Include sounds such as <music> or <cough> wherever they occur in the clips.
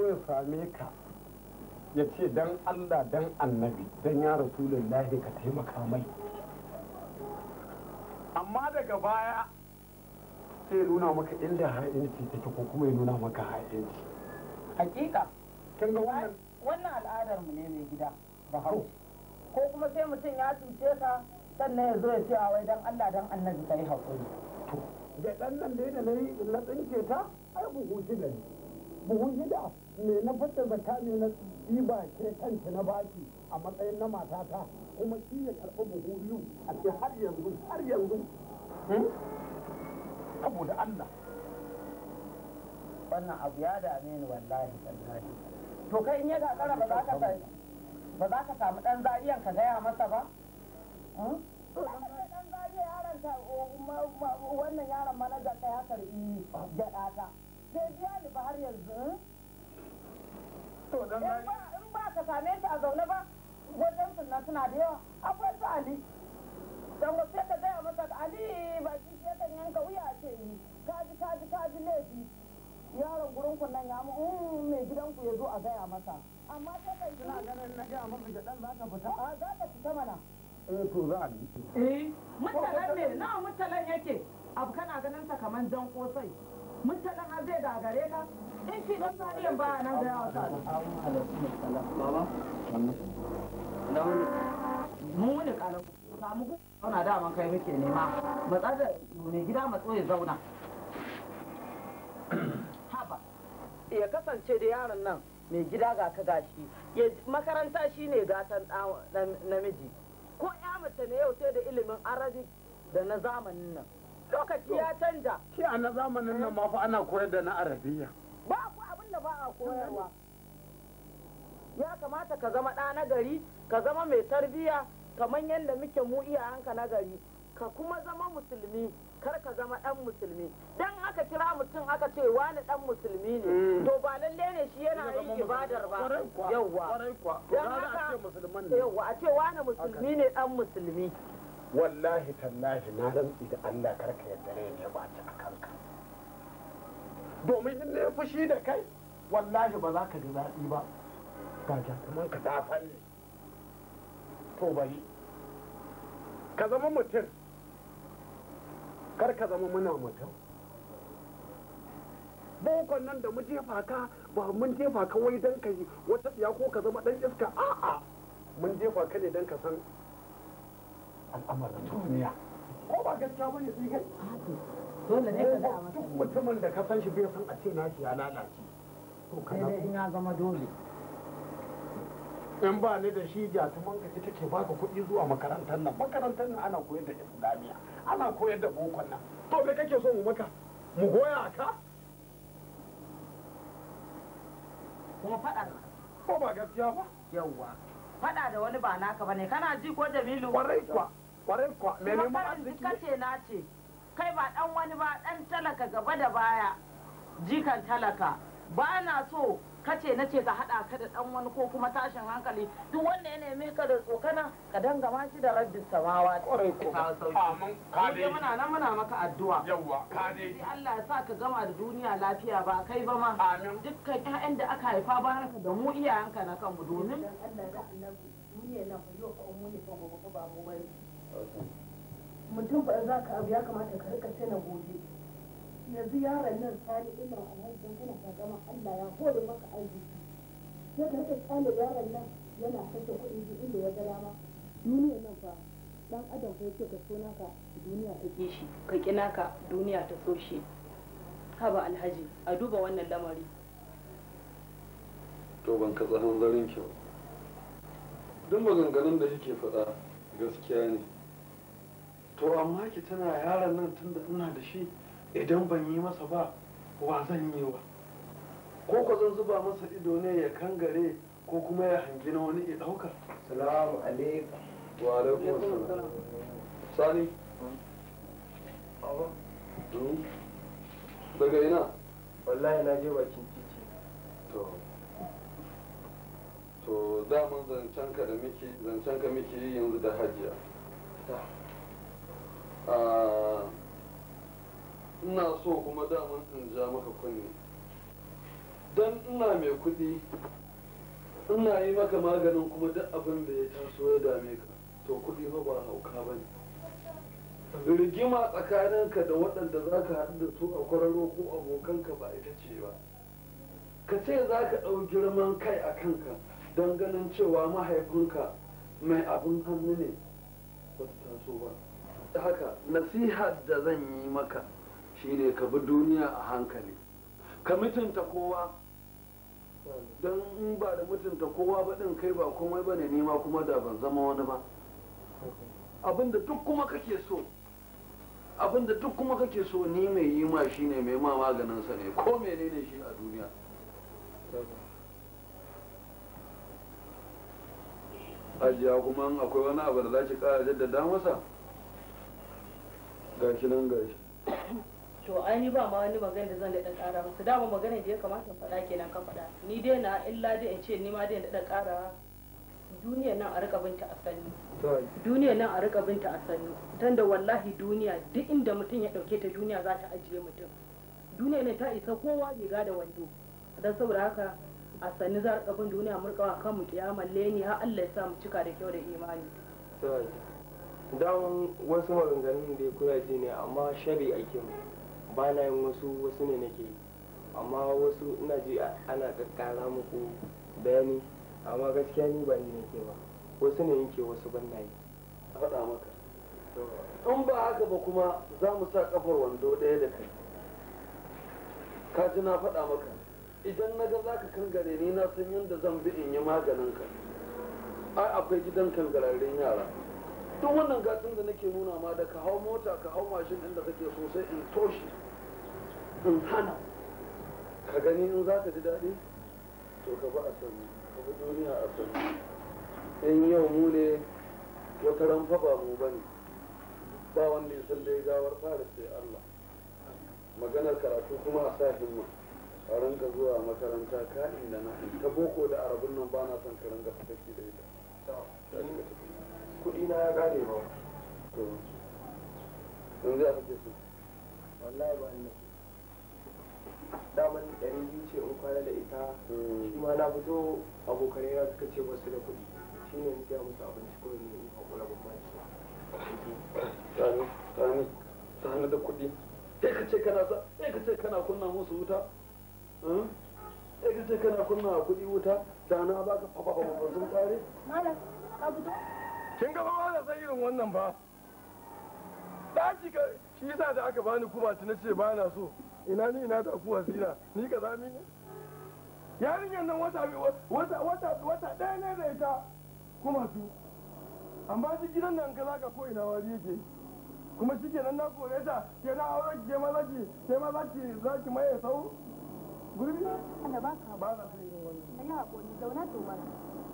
zo ya same ka ya ce don Allah dan annabi don ya rasulullahi ka taimaka mai amma daga baya sai nuna maka inda ha'inci ta ko kuma ya nuna maka ha'inci hakika kin ga wannan wannan al'adar mu ne mai gida ba ko kuma sai mutum ya cuce ka sannan ya zo ya ce wai don Allah dan annabi kai hakuri da dan nan da na tsinke ta ai buhu da ne buhun gida me na fata zaka ne na diba ke kanta na baki a matsayin na matata kuma shi ya karɓi buhu biyu a ce har yanzu har yanzu saboda Allah wannan abu ya dame ni wallahi tallahi to kai in ya gagara ba za ka ba za ka samu dan zariyan ka gaya masa ba wannan yaron manajan ka ya karbi gyaɗa ta bai biya ni ba har yanzu to dan in ba ka same shi a zaune ba wajen sunna suna da yawa akwai su ali dan ka gaya masa ali ba kan yanka wuya ce ni kaji kaji kaji yaron gurin ku nan ya mu mai gidan ku a gaya masa amma kai suna ganin na gaya masa da dan za ka fita a za ka fita mana eh za ni eh mutalan ne na mutalan yake abu kana ganin sa kaman dan kosai mun mutanen har zai gagare ka in shi ɗan sariyan ba nan da yawa sa baba na wani mu wani samu ku zauna daman kai muke nema matsa da mai gida matso ya zauna haba ya kasance da yaron nan mai gida ga ka gashi makaranta shi ne gatan namiji ko ya mace ne yau sai da ilimin arabi da na zamanin nan lokaci ya canja shi a na zamanin nan ma fa ana koyar da na arabiya ba ku abin da ba a koyarwa ya kamata ka zama ɗa na gari ka zama mai tarbiya kamar yadda muke mu iyayenka na gari ka kuma zama musulmi kar ka zama ɗan musulmi dan aka kira mutum aka ce wani ɗan musulmi ne mm. to ba lalle ne shi yana yin ibadar ba yawwa dan haka yawwa a ce wani musulmi ne ɗan musulmi wallahi tallahi na rantsi da Allah karka yadda rai ya ba ta kanka domin in na fushi da kai wallahi ba za ka ji daɗi ba ba ja kamar ka ta falle to bari ka zama mutum kar ka zama muna mutum bokon nan da mu jefa ka ba mun jefa ka wai don ka yi wata tsiya ko ka zama dan iska a'a mun jefa ka ne don ka san al'amarin duniya ko ba gaskiya ba ne tsigai dole ne ka da masa duk mutumin da ka san shi bai san a ce na shi ya lalace to kana sai in ya zama dole in ba ni da shi jatuman ka ita ke baka kuɗi zuwa makarantar nan makarantar nan ana koyar da islamiya ana koyar da bokon nan to me kake so mu maka mu goya ka ko faɗa ko ba gaskiya ba yawwa faɗa da wani ba naka bane kana ji ko jamilu kwarai kuwa kwarai kwa kace na ce kai ba dan wani ba dan talaka gaba da baya jikan talaka ba na so kace na ce ka hada ka da dan wani ko kuma tashin hankali duk wanda ya neme ka da tsokana ka dangama shi da rabbin samawa kwarai ko amin ka dai muna nan muna maka addu'a yawa ka dai Allah ya sa ka gama da duniya lafiya ba kai ba ma amin dukkan ƴaƴan da aka haifa baraka da mu iyayenka na kanmu domin Allah ya duniya na ku yau ka ba mu mutum ba za ka abu ya kamata ka rika sai na gobe yanzu yaron nan sani ina a don kana gama Allah ya hori maka arziki sai ka rika tsale yaron nan yana kashe kuɗi duk inda ya gara ma duniya nan fa dan adam ko ce ka so naka duniya ta ke shi ka ki naka duniya ta so shi haba alhaji a duba wannan lamari to ban ka katsa hanzarin kyau duk maganganun da yake faɗa gaskiya ne to amma ki tana yaron nan tun da ina da shi idan ban yi masa ba wa zan yi wa ko ko zan zuba masa ido ne ya kangare ko kuma ya hangi na wani ya ɗauka salamu alaikum wa alaikum salam sani hmm? daga ina wallahi na je bakin titi to to daman zancen ka da muke zancen ka muke yanzu da hajiya ina so kuma daman in ja maka kunne don ina mai kuɗi ina yi maka maganin kuma duk abin da ya taso ya dame ka to kuɗi ma ba hauka ba ne rigima tsakaninka da waɗanda za ka haɗu da su a kwararo ko abokanka ba ita ce ba ka ce za ka ɗau girman kai a kanka don ganin cewa mahaifinka mai abin hannu ne ba ta taso ba haka nasihar da zan yi maka shine ka bi duniya a hankali ka mutunta kowa don in ba da mutunta kowa ba din kai ba komai ba ne nema kuma da ban zama wani ba abinda duk kuma kake so abinda duk kuma kake so ni mai yi ma shi ne mai ma maganinsa ne ko menene shi a duniya ajiya kuma akwai wani abu da za ki kara jaddada masa gashi nan gashi to ai ba ma wani magana da zan daɗa ƙara musu dama magana da ya kamata faɗa kenan ka faɗa ni dai na illa dai in ce ni ma dai daɗa ƙara duniyar nan a rika binta a sannu duniyar nan a rika binta a sannu tun da wallahi duniya duk inda mutum ya ɗauke ta duniya za ta ajiye mutum duniya ne ta isa kowa riga da wando don saboda haka a sannu za a rika bin duniya murkawa kan mu kiyamar leni har Allah ya sa mu cika da kyau da imani don wasu maganganun da kuna ji ne amma shari a mu ba na yin wasu wasu ne nake amma wasu ina ji ana kakkara muku bayani amma gaskiya ni ba ni nake ba wasu ne yake wasu ban na yi faɗa maka in ba haka ba kuma za mu sa kafar wando ɗaya da kai ka ji na faɗa maka idan na ga za ka kangare ni na san yadda zan bi in yi maganin ka ai akwai gidan kangararren yara duk wannan gatsin da nake nuna ma da ka hau mota ka hau mashin inda kake sosai in toshi in hana ka gani in za ka ji daɗi to ka ba a sani ka bi duniya a sani in yau mu ne wata ramfa ba mu bane ba wanda ya san dai gawar fara sai Allah maganar karatu kuma a sa himma a rinka zuwa makaranta ka da na ta boko da arabin nan ba na son ka rinka fataki da ita kuɗi na ya ƙare ba su wallahi ba ni daman ɗari biyu ce in kwana da ita hmm. shi ma na fito abokanai na suka ce wasu da kuɗi shi ne in siya musu abinci ko ne in haƙura sani da kuɗi sai ce kana kunna musu wuta sai hmm? ka kana kunna kuɗi wuta da na baka fafafa kin ga ba da san irin wannan ba daji ka shi yasa da aka bani kuma ta nace ba na so ina ni ina da kuma sina ni ka zami ne yarinyar nan wata wata wata wata ɗaya ne da ita kuma su amma shi gidan nan ka zaka ko ina wari yake kuma shi kenan na kore ta ke na aure ke ma zaki ke ma zaki zaki mai sau gurbi na ba ka ba na so irin wannan Allah ko zauna to ba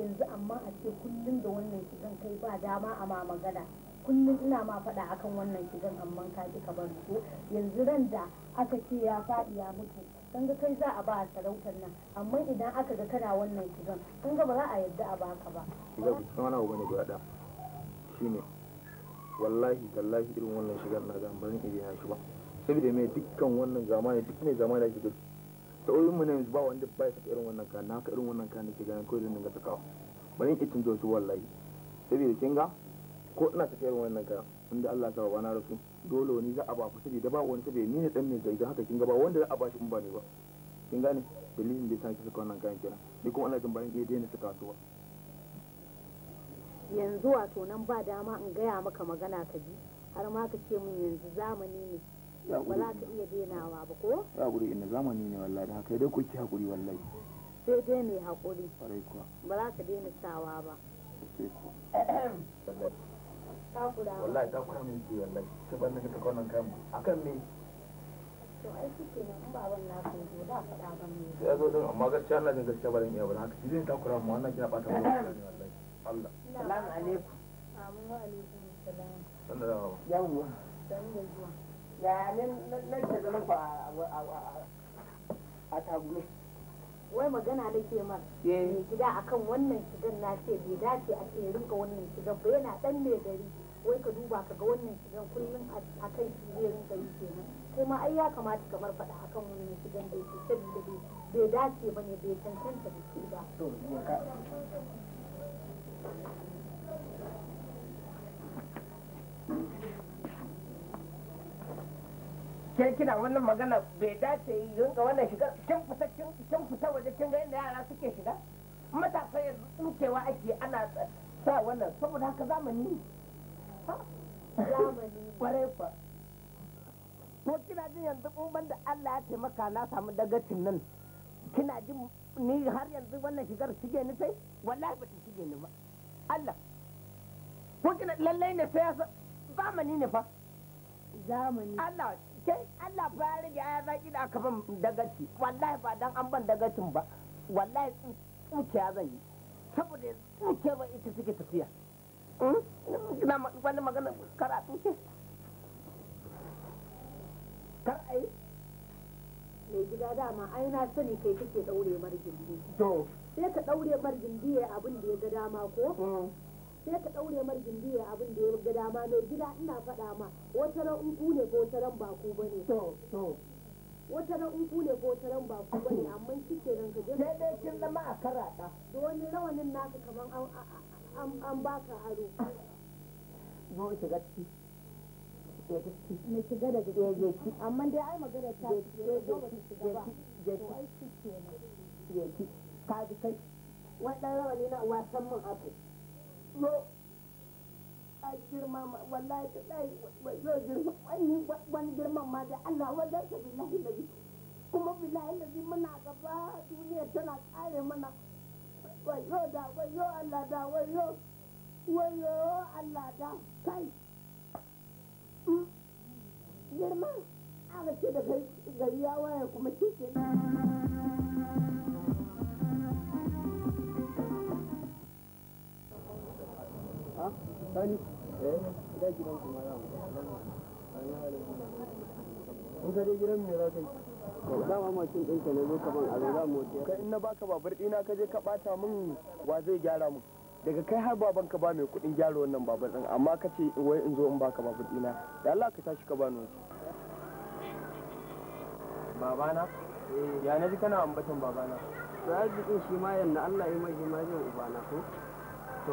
yanzu amma a ce kullum da wannan shigan kai ba dama a ma magana kullum ina ma faɗa akan wannan shigan amma ka ki ka bar ko yanzu ran da aka ce ya faɗi ya mutu kan ga kai za a ba a sarautar nan amma idan aka ga kana wannan shigan kan ga ba za a yarda a baka ba shiga wani abu ne guda ɗaya shine wallahi tallahi irin wannan shigan na zan ban ya shi ba saboda mai dukkan wannan zamani duk mai zamani da shiga sauyin mu ne yanzu ba wanda ba ya irin wannan kayan na irin wannan kayan nake ganin kawai zan dinga sakawa bari in kicin su wallahi saboda kin ga ko ina ta irin wannan kayan inda Allah ta bana rasu dole wani za a ba ku saboda ba wani saboda ni ne dan mai gari haka kin ga ba wanda za a ba shi in ba ne ba kin gane dalilin da ya ki saka wannan kayan kenan ni kuma ina jin bayan iya daina saka su yanzu wato nan ba dama in gaya maka magana ka ji har ma ka ce min yanzu zamani ne ba za ka iya denawa ba ko ya guri inda zamani ne wallahi haka dai ku ki haƙuri wallahi sai dai mai haƙuri. hakuri ba za ka dena sawa ba wallahi ta kwa min ji wallahi ta ban ka kawo nan kan akan me to ai kike nan ba wannan kan zo da faɗa ban me sai zo don amma gaskiya Allah ne gaskiya ba zan iya ba haka shi ne ta kura mu wannan kina bata mu wallahi Allah salamu alaikum amin wa alaikum salam yawwa dan yanzu a wai magana da ke ma eh. mai gida akan wannan shigan na ce bai dace a ce rinka wannan shigan ba yana dan mai gari wai ka duba ka ga wannan shigan kullum a kan shi zai rinka yi kenan kai ma ai ya kamata kamar faɗa akan wannan shigan da yake saboda bai dace ba ne bai cancanta da shi ba ke kina wannan magana bai dace yi don ga wannan shigar kin fita kin fita waje kin ga yadda yara suke shiga matasa ya dukewa ake ana sa wannan saboda haka zamani zamani kware kwa to kina jin yanzu kun da Allah ya taimaka na samu dagacin nan kina jin ni har yanzu wannan shigar shige ni sai wallahi ba ta shige ni ba Allah ko kina lallai ne sai zamani ne fa zamani Allah kai Allah ba ya rage ya zaki da aka ban dagaci wallahi ba dan an ban dagacin ba wallahi tsukiya zan yi saboda tsukiya ba ita suke tafiya hmm? wani magana kara tsuke kar a yi mai gida dama ai na sani kai kake daure margindi to sai ka daure margindi ya abin da ya ga dama ko hmm. sai ka daure mar gindi abin da ya ga dama na gida ina faɗa ma wata ran in ne ko wata ran ba ku bane to to wata ran in ne ko wata ran ba ku amma kike nan ka je sai dai kin zama a karata da wani rawanin naka kaman an an an baka aro zo shiga ciki Me shiga da jiki amma dai ai magana ta shiga ba to ai shi ke nan ka ji kai wannan rawani na wasan mun abu zo a girma wallahi ta tsaye zo girma wani girman ma da Allah wajen sa billahi da kuma billahi da muna gaba duniya tana kare mana wayo da wayo Allah da wayo wayo Allah da kai mm. girma aka ce da gari ya waye kuma shi ke sani eh, in ka dai gidan me za ka yi dama mashin ɗinka ne zo kaman a za mu ka in na baka babur ɗina ka je ka ɓata min wa zai gyara mu daga kai har baban ka ba mai kuɗin gyara wannan babur ɗin amma ka ce wai in zo in baka babur ɗina da Allah ka tashi ka bani wasu babana eh. ya na ji kana ambatan babana to arzikin shi ma yanna Allah ya mai jimajin ubana ko to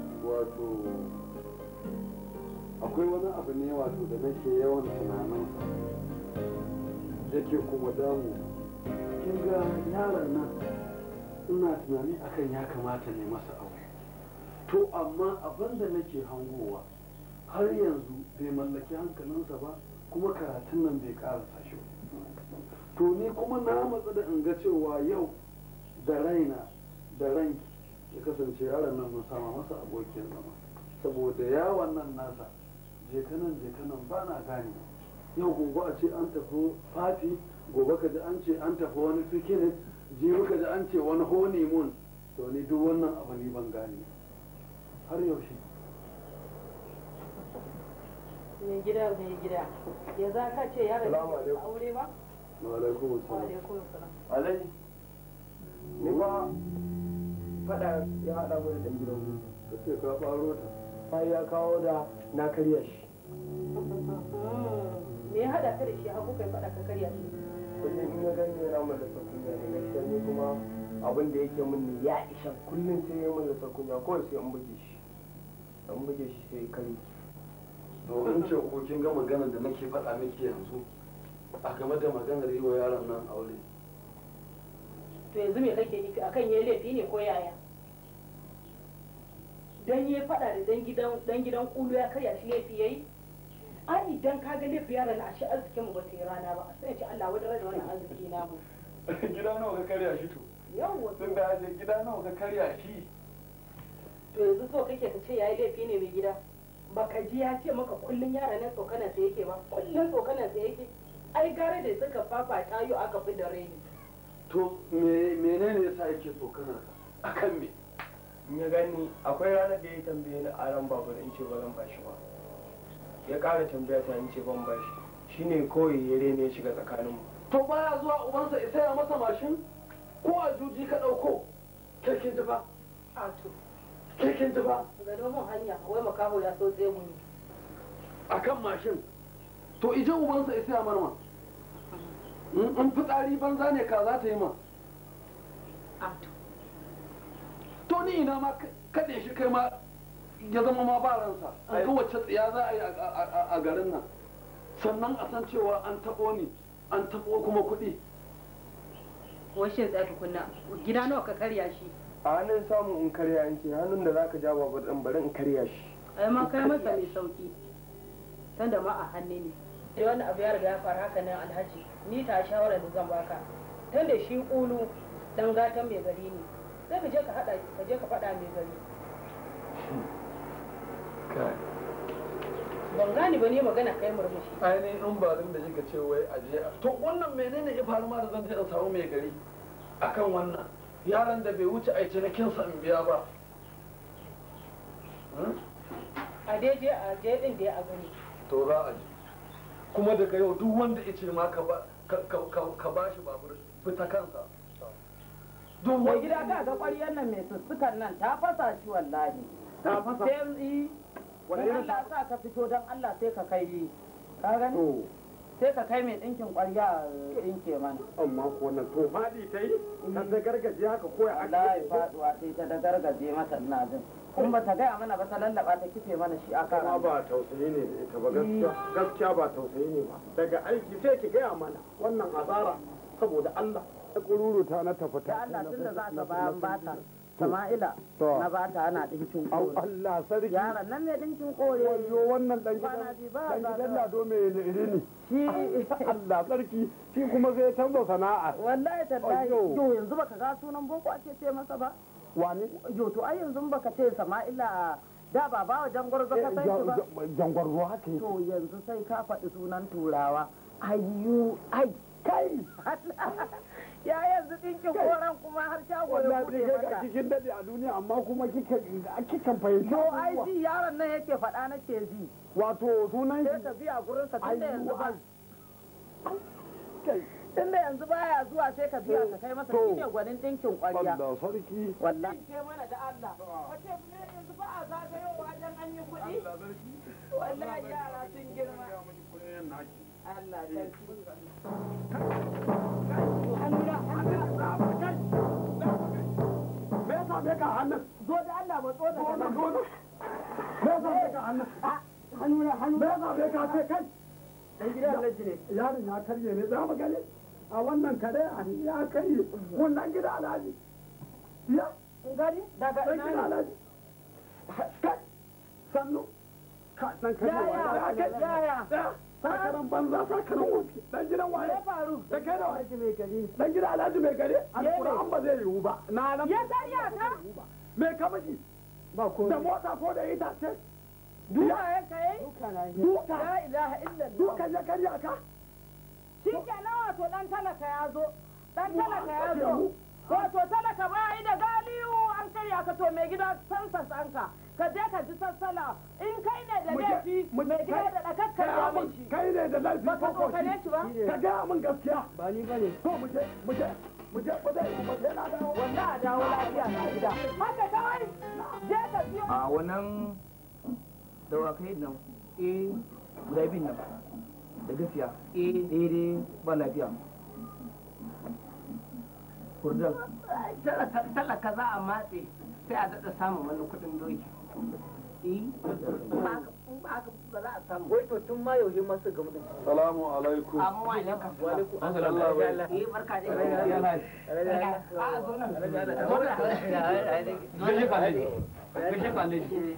wato akwai wani abu ne wato da nake yawan tunanin yake kuma damu kin ga yaron nan ina tunani akan ya kamata ne masa aure to amma abin da nake hangowa har yanzu bai mallaki hankalinsa ba kuma karatun nan bai karasa shi to ni kuma na matsa da in ga cewa yau da raina da ranki ya kasance yaron nan mun sama masa abokin zama saboda yawon nan nasa jekanan jekanan ba na gane yau gobe a ce an tafi fati gobe ka ji an ce an tafi wani sikini jibi ka ji an ce wani honeymoon to ni duk wannan abu ni ban gane har yaushe mai gida mai gida ya za ka ce ya rage aure ba? wa alaikum salam salam alai ni ba faɗa ya haɗa mu da ɗan gidan mu ka ce ka faro ta sai ya kawo da na karya shi me ya haɗa ka da shi kuka yi faɗa ka karya shi kullum in ya gani yana da sakunya ne gaskiya ne kuma abin da yake min ne ya isa kullum sai ya da sakunya kawai sai an buge shi an buge shi sai kare domin ce ko kin ga maganar da nake faɗa miki yanzu a game da maganar yi wa yaron nan aure to yanzu me kake nufi akan yayi laifi ne ko yaya dan yi fada da dan gidan dan gidan kulu ya karya shi laifi yayi a idan ka ga laifi yaran a shi arzikin mu ba sai rana ba sai ce Allah wadara da wannan arziki na mu <laughs> gida nawa ka karya shi to yawwa tun da aje gida nawa ka karya shi to yanzu so kake ka ce yayi laifi ne mai gida baka ji ya ce maka kullun yaran nan tsokanan sai yake ba kullun tsokanan sai yake ai gare da suka fafa tayo aka fi da reni to menene yasa yake kana ka akan me ya gani akwai ranar da ya tambaye ni ran babur in ce ban bashi ba ya ƙara tambaya ta in ce ban bashi shine kawai ya rene ya shiga tsakanin mu to baya zuwa ubansa ya masa mashin ko a juji ka ɗauko kirkin jifa a to kirkin jifa ga domin hanya wai makaho ya so mu ne akan mashin to idan ubansa ya saya marma in fitsari banza ne ka za ta yi ma to ni ina ma kaɗe shi kai ma ya zama ma ba ransa a ga wacce tsiya za a yi a garin nan sannan a san cewa an taɓo ni an taɓo kuma kuɗi washin za ka kunna gida nawa ka karya shi a hannun samun in karya in ce hannun da za ka jawo babban bari in karya shi ai ma kai masa mai sauƙi tanda ma a hannu ne da wani abu ya riga ya faru haka nan alhaji ni ta shawara da zan baka tun da shi kulu dan gatan mai gari ne sai ka je ka hada ka je ka fada mai gari ban gane ba ne magana kai murmushi ainihin in ba da kika ce wai aje to wannan menene ya faru ma da zan je in samu mai gari akan wannan yaran da bai wuce a cinikin sa in biya ba hmm? a daidai a je da ya gani. to za a je kuma daga yau duk wanda ya ce ma ka ba shi babur fita kansa duk wani gida ga ga ƙwaryar nan mai sussukan nan ta fasa shi wallahi ta fasa sai Allah sa ka fito don Allah sai ka kai ka gani sai ka kai mai ɗinkin ƙwarya eh, ɗinke mana. Amma ko nan to faɗi ta yi, ta da mm. gargaje haka koya ake. Allah ya faɗuwa sai ta da gargaje masa ina jin. kun ba ta gaya mana ba ta lallaba ta kife mana shi a kama ba tausayi ne ita ba eh. gaskiya ba tausayi ne ba daga aiki sai ki gaya mana wannan azara saboda Allah ta kururu ta na tafi ta Allah tunda za ka bayan bata Sama'ila na bata ana dinkin kore. Allah sarki. Yaran nan mai dinkin kore. Wayo wannan dan gidan dan gidan lado mai lirini. Shi Allah sarki shi kuma zai tambo sana'a. Wallahi tallahi. Yo yanzu baka ga sunan boko ake ce masa ba. wani yo to ai yanzu baka ce sama'ila da ba ba jangwar ka eh, sai ba jangwar ruwa ke to yanzu sai ka faɗi sunan turawa ayyu ai kai <laughs> ya yanzu dinki koran kuma har shago da kuke maka cikin dade a duniya amma kuma kika kika fahimta to ai ji yaron nan yake faɗa nake ji wato sunan shi sai ka gurin sa tunda yanzu ba kai tunda yanzu baya zuwa sai ka biya ka kai masa shine gwanin ɗinkin ƙwarya Allah sarki ke mana da Allah wace ah. ne yanzu ba a zagayowa dan an yi kuɗi wallahi yara sun girma Allah Me yasa ka hannun? Zo da Allah ba tso da hannun. Eh, Me yasa ka hannun? Hannu na hannu. Me yasa ka ce kai? gidan ne. Yaron ya karye ne za mu a wannan kare a ya kai wannan gida alhaji ya gari daga ina gida alhaji kai sannu ka dan kai ya ya ya ya sakaran banza sakaran wofi dan gidan waye ya faru da kai da alhaji mai gari dan gida alhaji mai gari alquran ba zai yiwu ba na nan ya tariya ta me ka ba ko da mota ko da ita ce duka ya kai duka la ilaha illa duka ya karya ka shi kenan wato dan talaka ya zo dan talaka ya zo wato talaka ba yi da galiyu an karya ka to mai gida san sassanka ka je ka ji sassala in kai ne da laifi mai gida da dakakkar ya min shi kai ne da laifi ko ko shi ka ga mun gaskiya ba ni bane to mu je mu je mu je ba zai mu je na dawo wallahi a dawo lafiya na gida haka kawai je ka biyo a wannan dawakai nan eh guda biyun nan da gafiya daidai eh, ba lafiya kurdal talaka za a matse sai a daɗa samun wani kudin doki eh, wai to tun ma masu gamu salamu alaikum amma alaikum wa alaikum eh,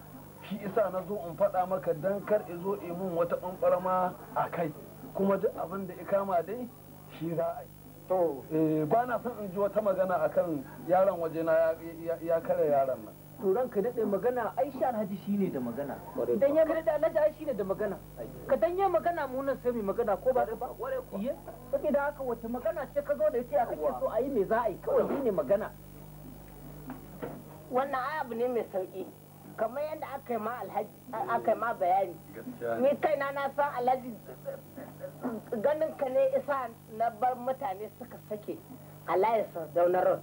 shi isa na zo in faɗa maka dan kar i zo mun wata ɓanɓarma a kai kuma duk abin da ya kama dai shi za a yi to eh, ba na son in ji wata magana akan yaron waje na ya kare yaron nan to ka daɗe magana ai shi alhaji shi ne da magana dan ya daɗe alhaji ai shi ne da magana ka dan ya magana mu nan sai mu magana ko ba ba iya da haka wata magana ce ka zo da ita kake so a yi me za a yi kawai ne magana wannan ai abu ne mai sauki kamar yadda aka yi ma alhaji aka yi ma bayani ni kaina na san alhaji ganin ka ne isa na bar mutane suka sake alhaji sardauna road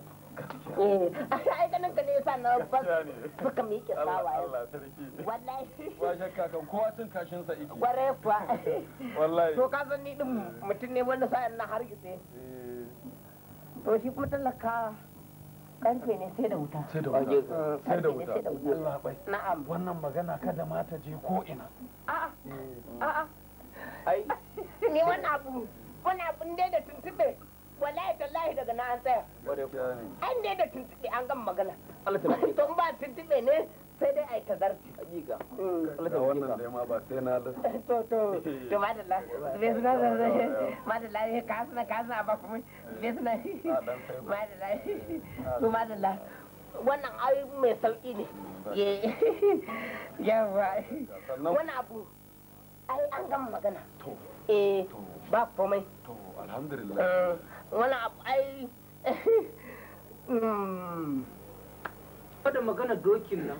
eh, ai ganin ka ne isa na bar suka miƙe sawaye wallahi ba shakka kan kowa tun kashin sa iki kware kuwa wallahi to ka san ni din mutum ne wanda sa'an na hargitse eh. to shi kuma talaka karfe ne sai da wuta sai da wuta sai da wuta Allah bai na'am wannan magana kada ma ta je ko ina a'a eh. a'a ai <laughs> ni wannan abu wannan abun dai da tuntube wallahi tallahi daga na an tsaya an dai da tuntube an gama magana Allah ta to ba tuntube ne sai dai ai ga hmm, wannan da ma ba sai na <laughs> to to to madalla bai suna zan madalla eh, ba kuma bai suna to wannan ai mai sauki ne hmm, <laughs> yawa wani abu ai an gama magana eh ba komai to alhamdulillah eh, wani abu ai da <laughs> hmm. magana dokin nan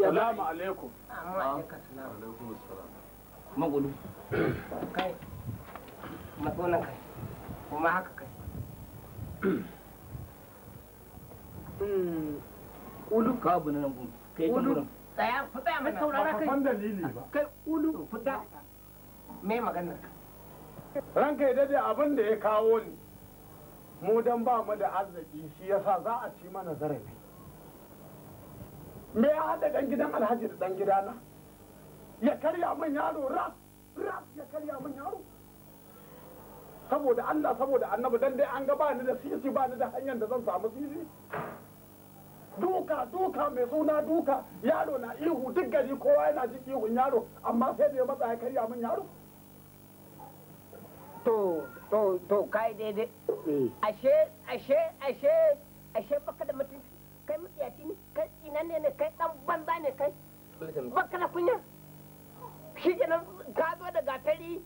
salamu alaikum alaikum salam magudu kai matsonan kai kuma haka kai hmm. ulu ka abu nan gun kai kan gurin tsaya ku tsaya mai saurara kai ban dalili ba kai ulu fita me maganar ranka ya dade abin da ya kawo ni mu dan ba mu da arziki shi yasa za a ci mana zarafi me ya haɗa ɗan gidan alhaji da ɗan na ya karya min yaro ras ras ya karya min yaro saboda Allah saboda annabi dan dai an ga ba ni da sisi ba ni da hanyar da zan samu sisi duka duka mai suna duka yaro na ihu duk gari kowa yana ji ihun yaro amma sai da ya matsa ya karya min yaro to to to kai daidai eh. ashe ashe ashe ashe baka da mutunci kai mutiyaci ne ina ne ne kai dan banza ne kai baka da kunya shi kenan ka zo da gatari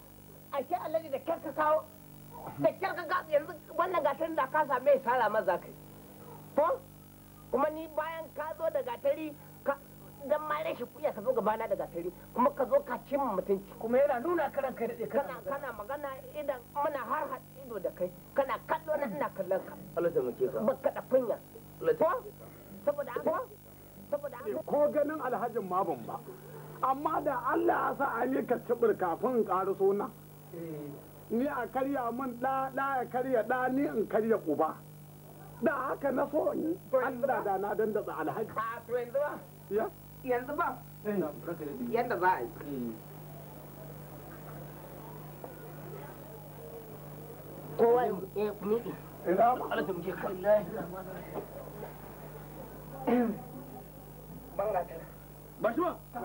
a alaji da kyar ka kawo da kyar ka yanzu wannan da ka same maza kai ko kuma ni bayan ka zo da gatari dan kuya ka zo da gatari kuma ka zo ka cin mutunci kuma yana nuna karan kai dade kana kana magana idan muna har ido da kai kana kallo na ina kallon ka Allah ta muke ka baka da kunya ko saboda haka ko ganin alhajin ma ban ba amma da Allah ya sa ali ka cibir kafin in karu suna eh. ni a karya min da da ya karya ɗa ni in karya uba da haka na so ni Allah da na dandatsa alhaji a to yanzu ba yanzu ba yanda eh, za a yi eh. kowa ya miƙe ina ba ban gatari ba shi ah. ba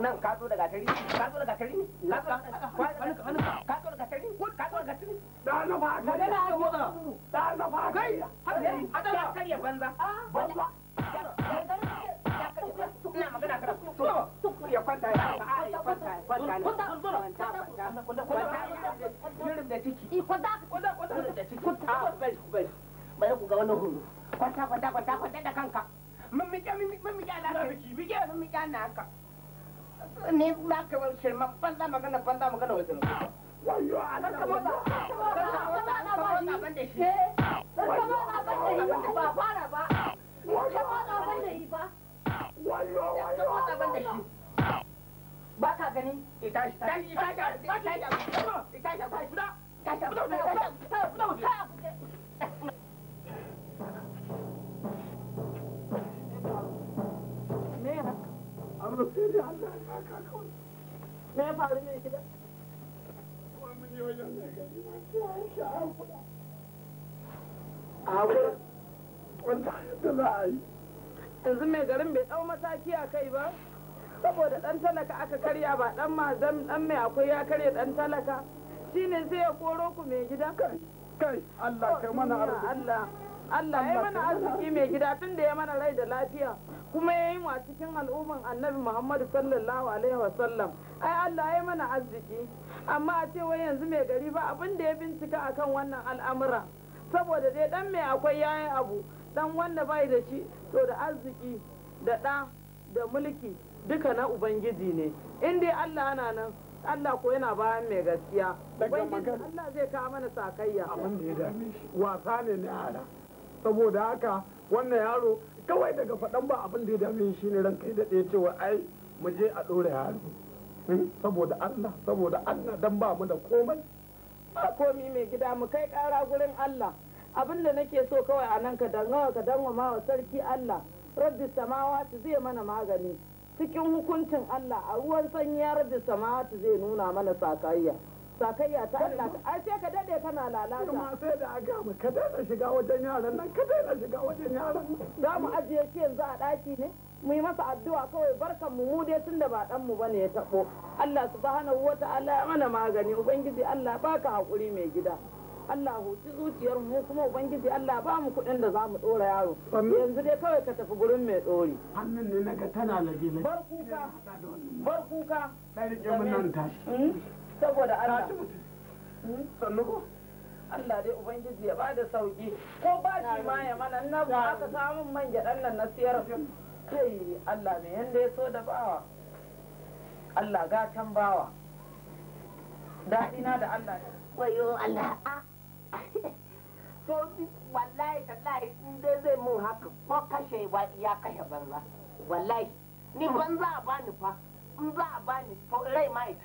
nan ka zo ka zo da gatari ka zo da gatari ka zo da gatari da na ka da na ba da na ba kai hada da kariya banza banza ina magana kana to to ya kwanta ya kwanta ya kwanta ya kwanta ya kwanta ya kwanta ya kwanta ya kwanta ya kwanta ya kwanta ya kwanta ya kwanta ya kwanta ya kwanta ya kwanta ya kwanta a kwanta ya kwanta ya kwanta ya kwanta ya kwanta ya kwanta ya kwanta ya kwanta ya kwanta ya kwanta ya kwanta ya kwanta ya kwanta kwanta kwanta kwanta kwanta da kanka mun miƙe mun miƙe na ka miƙe mun miƙe na ka ne na ka bar shirman banza magana banza magana wajen wayo Allah ka mota ka mota ban da ka mota ba fara ba ka da ba wayo wayo ka da shi ba ka gani ita shi ta shi ta shi shi ta shi ta shi ta shi ta shi ta shi ta shi ta shi ta shi ta shi ta shi ta shi ta shi ta shi ta shi ta shi ta shi ta shi kawai faru ne gida kuma mun yi wajen da yadda yi yanzu mai garin bai dau mataki a kai ba saboda ɗan talaka aka karya ba dan mazan dan mai akwai ya karya dan talaka shine sai ya koro ku mai gida kai kai Allah kai mana arziki Allah Allah ya mana arziki mai gida tun da ya mana rai da lafiya kuma ya yi a cikin al'umman annabi Muhammadu sallallahu alaihi wasallam ai Allah ya mana arziki amma a ce wai yanzu mai gari ba abin da ya bincika akan wannan al'amura saboda dai dan mai akwai yayin abu dan wanda bai da shi to da arziki da ɗa da mulki duka na ubangiji ne in dai Allah na nan Allah ko yana bayan mai gaskiya ubangiji Allah zai kawo mana sakayya abin da ya dame wasa ne na yara saboda haka wannan yaro kawai daga faɗan ba abin da ya dame shi ne ranka da ɗaya cewa ai mu je a ɗora yaro hmm? saboda Allah saboda Allah dan ba mu da komai ba komi mai gida mu kai ƙara gurin Allah abin da nake so kawai a nan ka dangawa ka dangwama wa sarki Allah rabbi samawati zai mana magani cikin hukuncin Allah a ruwan sanyi ya rabbi samawati zai nuna mana sakayya sakayya ta Allah ai sai ka dade kana lalata kuma sai da aka mu ka daina shiga wajen yaran nan ka daina shiga wajen yaran nan za mu ajiye shi yanzu a daki ne mu yi masa addu'a kawai barkan mu mu dai tunda ba dan mu bane ya tabo Allah subhanahu wata'ala ya mana magani ubangiji Allah baka hakuri mai gida Allah huci zuciyar mu kuma ubangiji Allah ba mu kuɗin da za mu ɗora yaro yanzu dai kawai ka tafi gurin mai ɗori hannun ne naga tana lage bar kuka bar kuka ɗan mun nan tashi hmm? saboda Allah hmm? sannu ko Allah dai ubangiji ya bada sauki ko ba shi ma ya mana na ba aka samu man gyaɗan nan na siyar kai Allah me yanda ya so da bawa Allah ga can bawa daɗi na da Allah wayo Allah a <laughs> to wallahi tallahi in dai zai mun haka ko kashe ya kashe banza wallahi ni banza ba ni fa in za a ba ni rai ma ita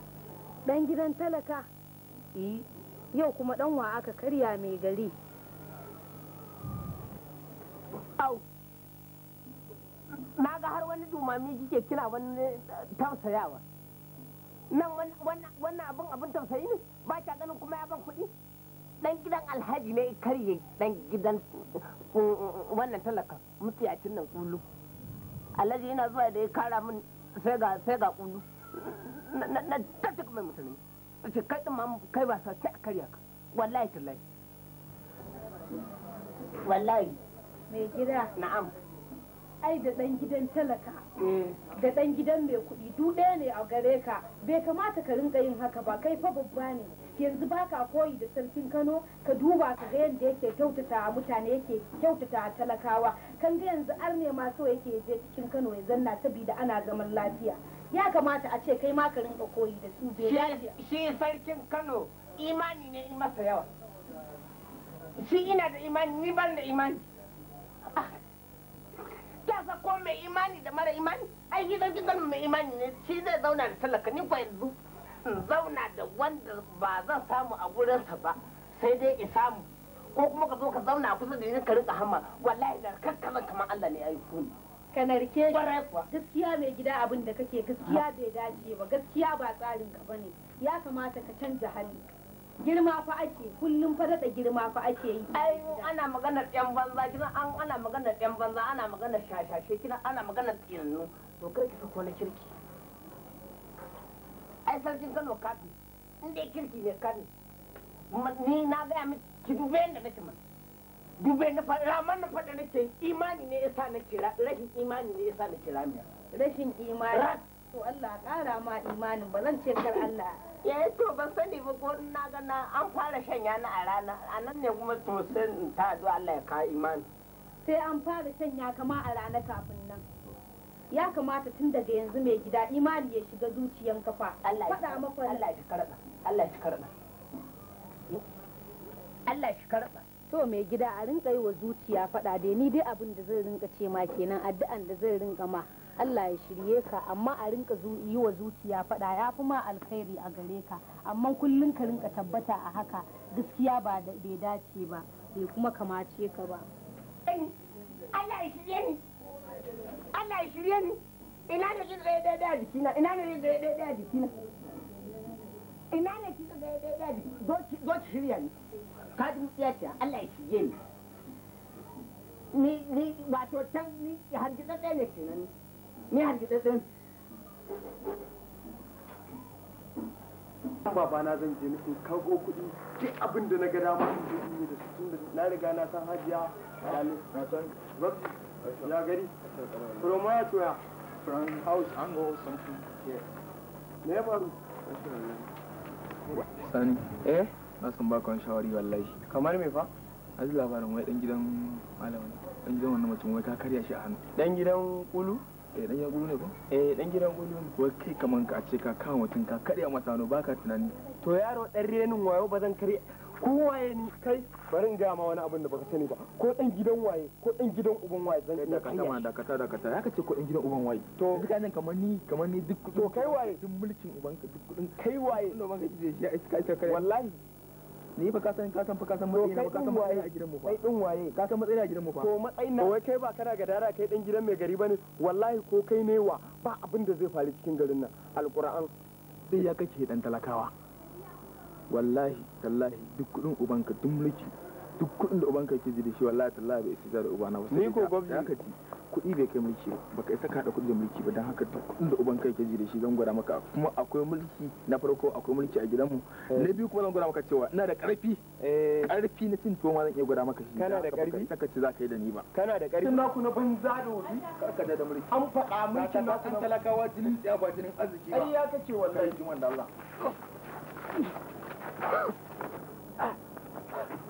dan gidan talaka yau kuma dan wa aka karya mai gari au na ga har wani dumami kike kira wani eh, tausayawa nan wannan abin abin tausayi ne ba ka ganin kuma ya ban kuɗi dan gidan alhaji ne karye dan gidan eh, wannan talaka mutiyacin nan kulu alhaji yana zuwa da ya kara min sai ga kulu na dadduk mai musulmi ce kai din ma kai wasa sai a karya ka wallahi tallahi wallahi mai gida na'am ai da dan gidan talaka eh. da dan gidan mai kuɗi du ɗaya ne a gare ka bai kamata ka rinka yin haka ba kai fa babba ne yanzu baka koyi da sarkin Kano ka duba ka ga yadda yake kyautata a mutane yake kyautata a talakawa kan ga yanzu arne ma so yake je cikin Kano ya zanna sabida ana zaman lafiya ya kamata a ce kai ma ka koyi da su bai shi sarkin Kano imani ne in masa yawa shi ina da imani ni ban da imani ta sa ko mai imani da mara imani ai gidan gidan mai imani ne shi zai zauna da talaka ni kwa yanzu in zauna da wanda ba zan samu a gurinsa ba sai dai in samu ko kuma ka zo ka zauna a kusa da ni ka rika hama wallahi da kakkalan kamar Allah ne ya yi ka narke gaskiya mai gida abin da kake gaskiya bai dace ba gaskiya ba tsarin ka bane ya kamata ka canza hali girma fa ake kullum fa da girma fa ake yi ai ana maganar yan banza kina an ana maganar yan banza ana maganar shashashe kina ana maganar tsinnu to kar ki sako na kirki ai sarkin Kano kafi inda kirki ne kafi ni na ga miki ki dube da nake mun dube na faɗa ramar na faɗa nake imani ne yasa na kira rashin imani ne yasa na kira miya rashin imani to Allah ƙara ma imanin ba zan ce kar Allah ya yi to ban sani ba ko na ga na an fara shanya yana a rana a nan ne kuma to sai ta zo Allah ya kawo imani sai an fara shanya kama a rana kafin nan ya kamata tun daga yanzu mai gida imani ya shiga zuciyan kafa Allah ya karba Allah ya karba Allah ya karba Allah ya to mai gida a rinka yi wa zuciya faɗa dai ni dai abin da zai rinka ce ma kenan addu'an da zai rinka ma Allah ya shirye ka amma a rinka yi wa zuciya faɗa ya fi ma alkhairi a gare ka amma kullum ka rinka tabbata a haka gaskiya ba da bai dace ba bai kuma kamace ka ba Allah ya shirye ni Allah ya shirye ni ina ne ki tsaye daidai a jikina ina ne ki tsaye daidai a jikina ina ne ki tsaye daidai a jikina doki shirya ni ka ji tsiya ce Allah ya cije ni ni ni wato can ni hargitsatse ne kenan ni hargitsatse na zan je nufin kago kuɗi duk abin da na ga dama in je in yi da su tun da na riga na san hajiya Rabbi, ya gari from where to where from house an go something here ne ya faru sani eh na san ba wani shawari wallahi kamar me fa a labarin wai dan gidan malamai dan gidan wannan mutum wai ta karya shi a hannu dan gidan kulu eh dan gidan kulu ne ko eh dan gidan kulu wai kai kaman ka ce ka kan mutum ka karya masa hannu baka tunani to yaro dan renin wayo ba zan karya waye ni kai bari in gaya ma wani abin da baka sani ba ko dan gidan waye ko dan gidan uban waye zan iya kanya ma dakata dakata ya ce ko dan gidan uban waye to duk anan kamar ni kamar ni duk to kai waye duk mulkin ka duk kudin kai waye ubanka ji shi ya iska kai wallahi ni fa kasan kasan fa kasan matsayi na kasan matsayi a gidan mu fa kai din waye kasan matsayi a gidan mu fa to matsayi na wai kai ba kana ga dara kai dan gidan mai gari bane wallahi ko kai ne wa ba abin da zai faru cikin garin nan alquran sai ya kace dan talakawa wallahi tallahi duk kudin ubanka duk mulki duk kuɗin da ubanka ke ji da shi wallahi tallahi bai isa da ubana ba ni ko gwamnati haka ji kuɗi bai kai mulki ba kai saka da kudi da mulki ba dan haka duk kuɗin da ubanka ke ji da shi zan gwada maka kuma akwai mulki na farko akwai mulki a gidanmu eh. na biyu kuma zan gwada maka cewa ina da ƙarfi eh. ƙarfi na cin tuwo ma zan iya gwada maka shi kana da karfi saka ci za ka yi da ni ba kana da ƙarfi na ku na banza da wuri ka da mulki an faɗa mulki na an talakawa jinin tsaya ba jinin arziki ba ai ya kace wallahi jin wanda Allah <laughs>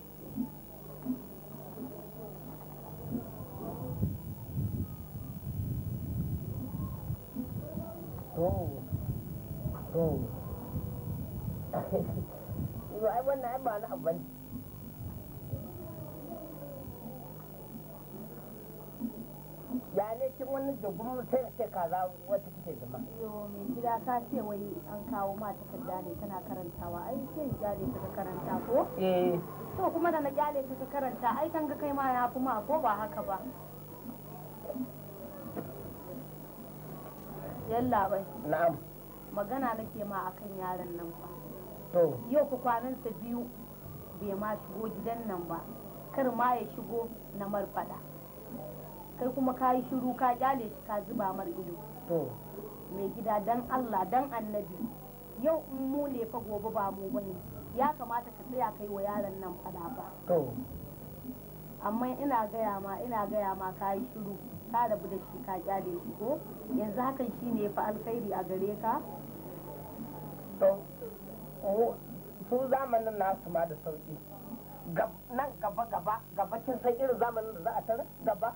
kowa kowa ai wannan ai ba na abu ya ne wani jagun sai ce kaza wata kike zama yo mai gida ka ce wai an kawo ma ne tana karantawa ai karanta ko eh to kuma da na gyale ka karanta ai kan ga kai ma ya ma ko ba haka ba Yalla bai. Na'am. Magana nake ma akan yaron nan ba. To. Yau ku kwanansa biyu bai ma shigo gidan nan ba. Kar ma ya shigo na marfaɗa. Kai kuma ka yi shiru ka kyale shi ka zuba mar ido. To. Mai gida dan Allah dan annabi. Yau in mu ne fa gobe ba mu bane. Ya kamata ka tsaya kai wa yaron nan fada ba. To. Amma ina gaya ma ina gaya ma ka yi shiru. ka rabu da shi ka kyale shi ko yanzu hakan shi ne fa alkhairi a gare ka su zamanin nasu ma da sauki nan gaba gaba gaba kin san irin zamanin da za a tara gaba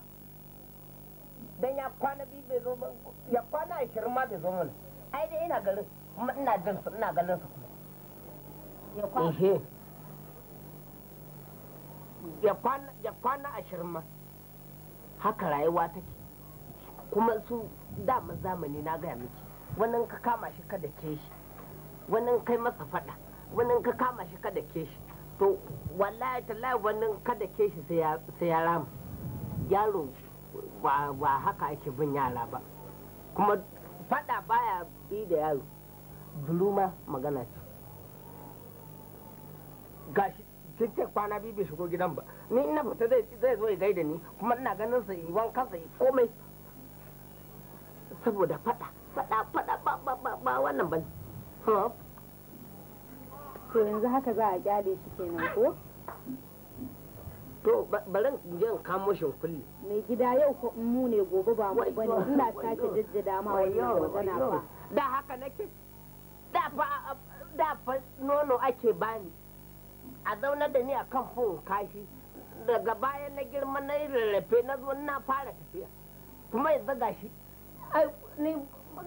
dan ya kwana biyu bai zo ya kwana ashirin ma bai zo mana ai dai ina garin kuma ina jin su ina ganin su kuma ya kwana ya kwana ashirin ma haka rayuwa take kuma su dama zamani na gaya miki wannan ka kama shi kada ke shi wannan kai masa fada wannan ka kama shi kada ke shi to wallahi tallahi wannan kada ke shi sai ya rama yaro ba haka ake bin yara ba kuma fada baya bi da yaro buluma magana ce gashi cikin kwana biyu bai shigo gidan ba ni ina fita zai zo ya gaida ni kuma ina ganin sa yi wanka sa yi komai saboda fada fada fada ba ba ba ba wannan bane to yanzu haka za a kyale shi kenan ko to je in kamo shi kulli mai gida yau ko mu ne gobe ba mu bane ina sake jajjada ma wannan magana ba da haka nake da fa da fa nono ake bani a zaunar da ni akan fon kashi daga baya na girma na yi rarrafe na zo na fara tafiya kuma ya zaga shi ai ni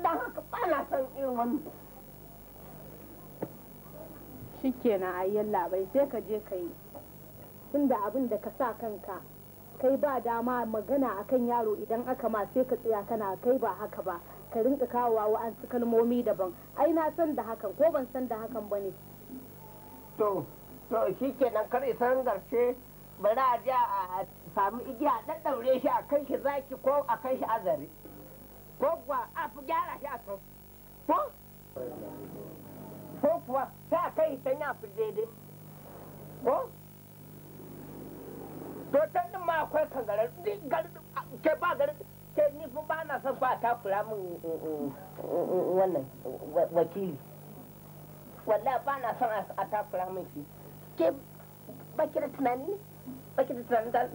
dan haka na son irin wannan shikenan ayyan labai sai ka je ka yi tunda abin da ka sa kanka kai ba dama magana akan yaro idan aka ma sai ka tsaya kana kai ba haka ba ka rinka kawowa wa'ansu kalmomi daban ai na san da hakan ko ban san da hakan ba ne to to shikenan kar isa garce bari a ja a samu igiya ɗaɗɗaure shi a kan shi zaki ko a kan shi azari ko kuwa a fi gyara shi a to ko ko kuwa sai a kai ta a fi daidai ko to ta ɗin ma akwai kangarar ke ba garin ke ni f'i ba na son ba ta kula min wannan wakili wallahi ba na son a ta kula min shi ke ba tunani ne baki da tunanin ta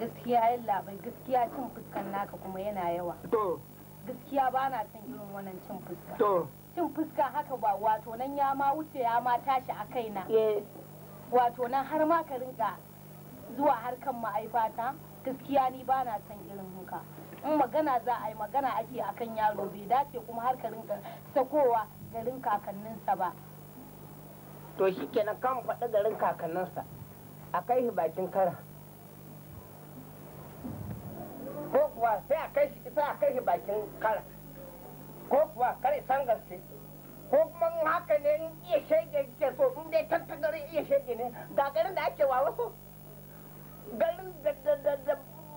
gaskiya yin labai gaskiya cin fuskan naka kuma yana yawa to gaskiya ba na son irin wannan cin fuska to cin fuska haka ba wato nan ya ma wuce ya ma tashi a kaina wato nan har ma ka rinka zuwa harkan ma'aifata gaskiya ni ba na son irin haka in magana za a yi magana ake akan yaro bai dace kuma har ka rinka sakowa garin kakanninsa ba to shi na kan faɗi garin kakanninsa a kai shi bakin kara ko kuwa sai a kai shi isa a kai shi bakin kara ko kuwa kare san gaske ko kuma haka ne in iya shege ke so in dai garin iya shege ne ga garin da ake wa wasu garin da da da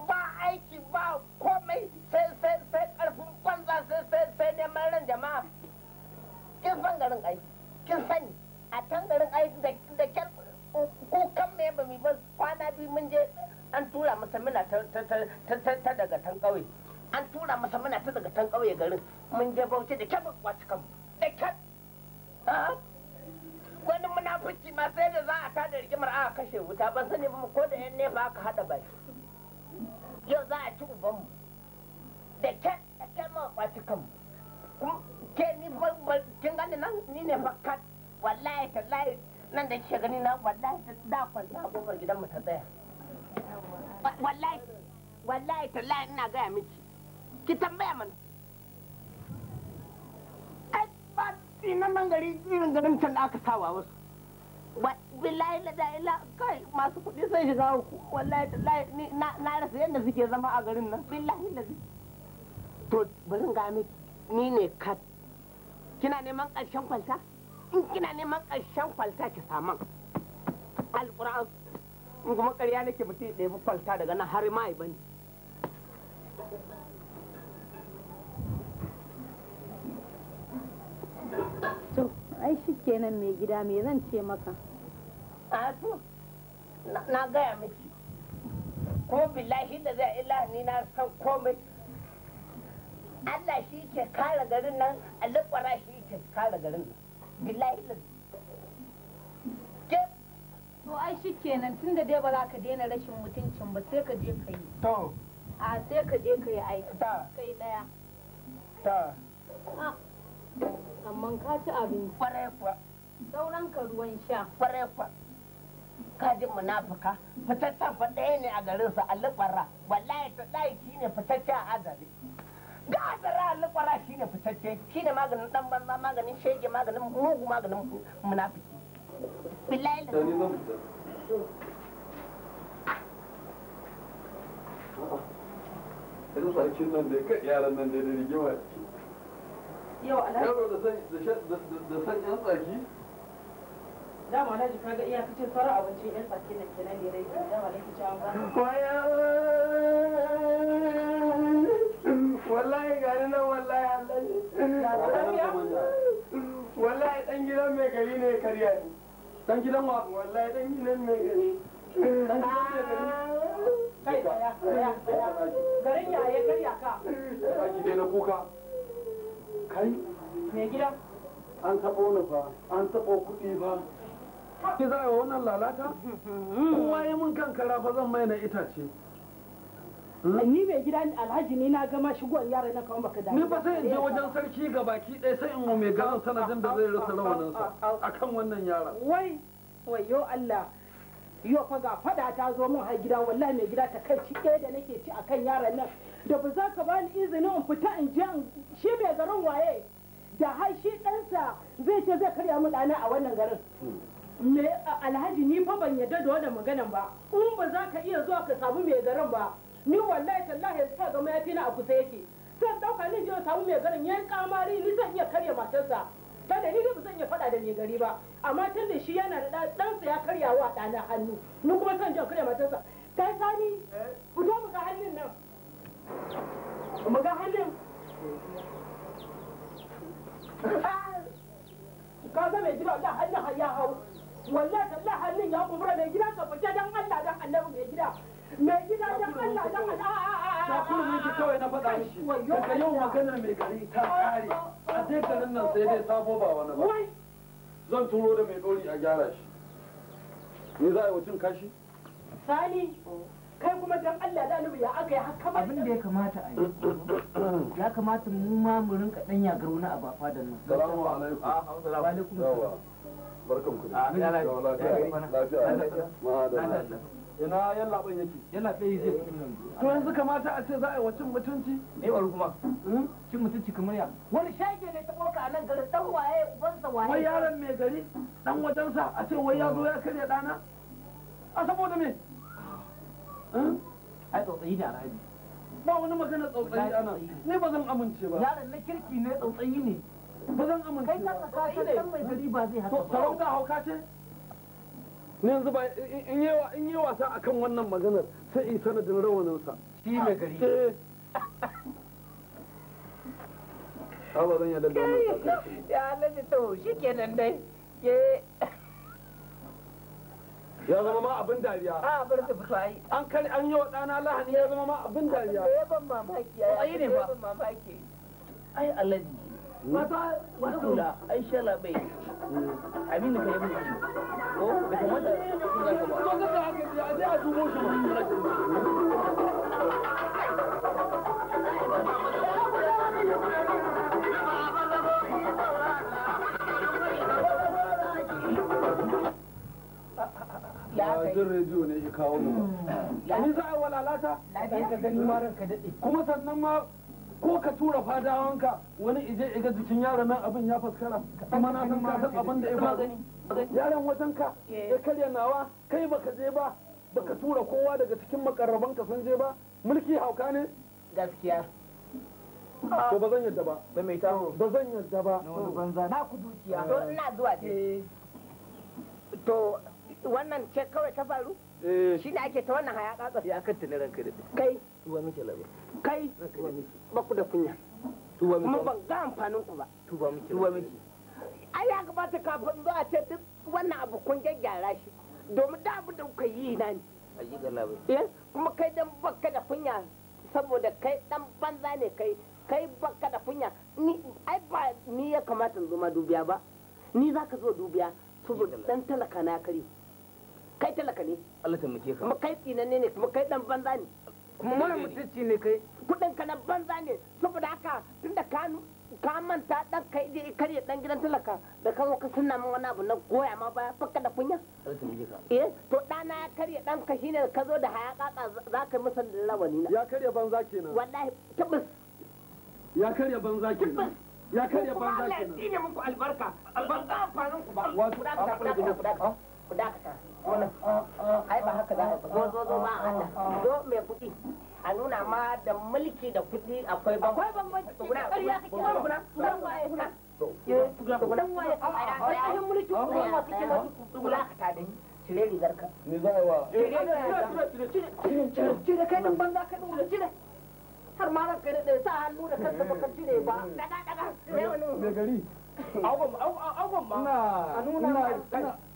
ba aiki ba komai sai sai sai karfin kwanza sai sai sai neman ran jama'a kin san garin ai kin sani a can garin ai da ko kukan me ba mi ba kwana biyu mun je an tura masa muna ta daga tan kauye an tura masa muna ta daga tan kauye garin mun je bauchi da kyar ba kwaci kan da kyar wani munafici ma sai da za a tada rigimar aka kashe wuta ban sani ba ko da yan nefa aka hada baki yau za a ci ubanmu da kyar da kyar ma kwaci kanmu ke ni ba kin gane nan ni ne fa wallahi tallahi nan da kike gani na wallahi da kwanta kofar gidan mu ta tsaya wallahi wallahi tallahi ina gaya miki ki tambaya mana ai ba tsinan nan gari irin ganin can da aka sawa wasu Wallahi la ila kai masu kuɗi sai shiga uku wallahi ni na rasa yadda suke zama a garin nan billahi la to bari ga miki ni ne kat kina neman ƙarshen kwanta in kina neman ƙarshen kwalta ki saman alƙur'an in kuma ƙarya nake mutum ya ɗebi kwalta daga nan har ma bane to ai shi kenan mai gida me zan ce maka a to na gaya miki ko billahi da zai ila ni na san komai Allah shi ke kare garin nan, Allah kwara shi ke kare garin nan. billahi to ai shi kenan tun da dai ba za ka daina rashin mutuncin ba sai ka je ka yi to a sai ka je ka yi aiki ta kai daya ta amma ka ci abinci kwarai kuwa sauran ka ruwan sha kwarai kuwa kajin munafuka fitaccen fa ɗaya ne a garinsa a liƙwarra wallahi ta ɗaya shi ne fitaccen azali da zara alƙwara shi ne fitacce shi ne maganin ɗan banza maganin shege maganin mugu maganin munafiki billahi da yanzu sarkin nan da yaran nan da yau alhaji da san yan tsaki dama alhaji kaga iyakacin abincin yan tsaki nan kenan alhaji ba wallahi gani nan wallahi wallahi dan gidan mai gari ne kariya ne dan gidan wa wallahi dan gidan mai gari dan gidan mai gari garin ya ya kariya ka ki dai na kuka kai mai gida an taɓo ni fa an taɓo kudi fa ki za a yi wannan lalata <laughs> kowa yi min kankara fa zan mai na itace ni mai gida ni alhaji ni na gama shigowar yaran na kawai baka dami ni ba sai in je wajen sarki ga baki ɗaya sai in mai garin sanadin da zai rasa rawaninsa akan wannan yaran wai wai yo Allah Yo fa ga fada ta zo mun har gida wallahi mai gida ta kai ci ɗaya da nake ci akan yaran nan da ba za ka bani izinin in fita in je shi mai garin waye da har shi ɗansa zai ce zai karya mu ɗana a wannan garin me alhaji ni fa ban yadda da wannan maganan ba in ba za ka iya zuwa ka samu mai garin ba ni wallahi tallahi ta ga mayafi na a kusa yake zan dauka ni je samu mai garin yayin kamari ni zan iya karya matarsa ta da ni ba zan iya faɗa da mai gari ba amma tun da shi yana da ɗansa ya karya wa ɗana hannu ni kuma zan je karya matarsa kai sani fito mu ga hannun nan mu ga hannun ka ga mai gida da hannun ya hau wallahi tallahi hannun ya kumbura mai gida ka fice dan Allah dan Annabi mai gida mai gida dan Allah dan Allah ta kuma miki kawai na faɗa daga yau maganar mai gari ta kare a je garin nan sai dai sabo ba wani ba zan turo da mai dori a gyara shi ni za a yi wa kashi sani kai kuma dan Allah da annabi ya aka yi haka ba abin da ya kamata a yi ya kamata mu ma mu rinka dan ya garo na abafa da nan alaikum wa alaikum barkan ku da lafiya lafiya ina yallaɓai yake yallaɓai zai fito to yanzu kamata a ce za a yi wacin mutunci me bari kuma hmm? cin mutunci kamar ya wani shage ne ta ɓoka a nan garin dan waye ubansa waye wai yaron mai gari dan wajensa a ce wai ya zo ya karya ɗana a saboda me hmm? ai tsautsayi da alhaji ba wani magana tsautsayi ana ni ba zan amince ba yaron na kirki ne tsautsayi ne ba zan amince ba kai kanka ka san mai gari ba zai haka sarauta hauka ce ne yanzu ba in yi wasa akan wannan maganar sai in sanadin rawaninsa shi ne gari Allah eh. zan yadda da wannan ya Allah to shi kenan dai ke ya zama ma abin dariya a bar su fito ai an kar an yi wa ɗana lahani ya zama ma abin dariya ya eh, ban mamaki ai ne ba ban mamaki ai alaji matsala ai shala bai amin ka yi mutu ko da kuma da su za ka ba to da haka ji a zai a dubo shi Jin rediyo ne shi kawo mu. Ni za a walalata? Kuma sannan ma ko ka tura fadawanka wani ije iga jikin yaron nan abin ya faskara kuma na san kasan abin da ya faru yaron wajen ka eh. ya karya nawa kai baka je ba baka tura kowa daga cikin makarraban ka sun je ba mulki hauka ne gaskiya to ba zan yadda ba ba mai taho ba zan yadda ba na ku dukiya to ina zuwa ce eh. to wannan ce kawai ta faru eh. shi ne ake ta wannan hayaka tsaya kan tunaran kai kai ruwa muke labar kai ba ku da kunya kuma ban ga amfanin ku ba tuba miki tuba miki ai ya kamata kafin a ce duk wannan abu kun gyaggyara shi domin da abu da kuka yi na ne eh, kuma kai dan baka da kunya saboda kai dan banza ne kai kai baka da kunya ni ai ba ni ya kamata in zo ma dubiya ba ni za ka zo dubiya saboda dan talaka na kare kai talaka ne Allah ta muke ka kuma kai tsinanne ne kuma kai dan banza ne kuma mara mutunci ne kai kudin ka na banza ne saboda haka tunda ka ka manta dan kai da karya dan gidan talaka da ka zo ka sunna mun wani abu na goya ma baya fakka da kunya eh to dana ya karya dan ka shine ka zo da hayaka za ka masa lawani na ya karya banza kenan wallahi tabbas ya karya banza kenan ya karya banza kenan kuma Allah ya tsine muku albarka albarka nan ku ba wato da ku da ku ku dakata ai ba haka za a zo zo zo ba a zo mai kuɗi a nuna ma da mulki da kuɗi akwai ban akwai bambanci kuna kuna kuna eh, kuna kuna kuna kuna kuna cire rigar ka. Me za a yi wa? Cire cire cire cire cire kai nan banza kai nan cire. Har ma ranka da sa hannu da baka cire ba. Eh. Daga daga cire wani. Me gari. ma. Na. nuna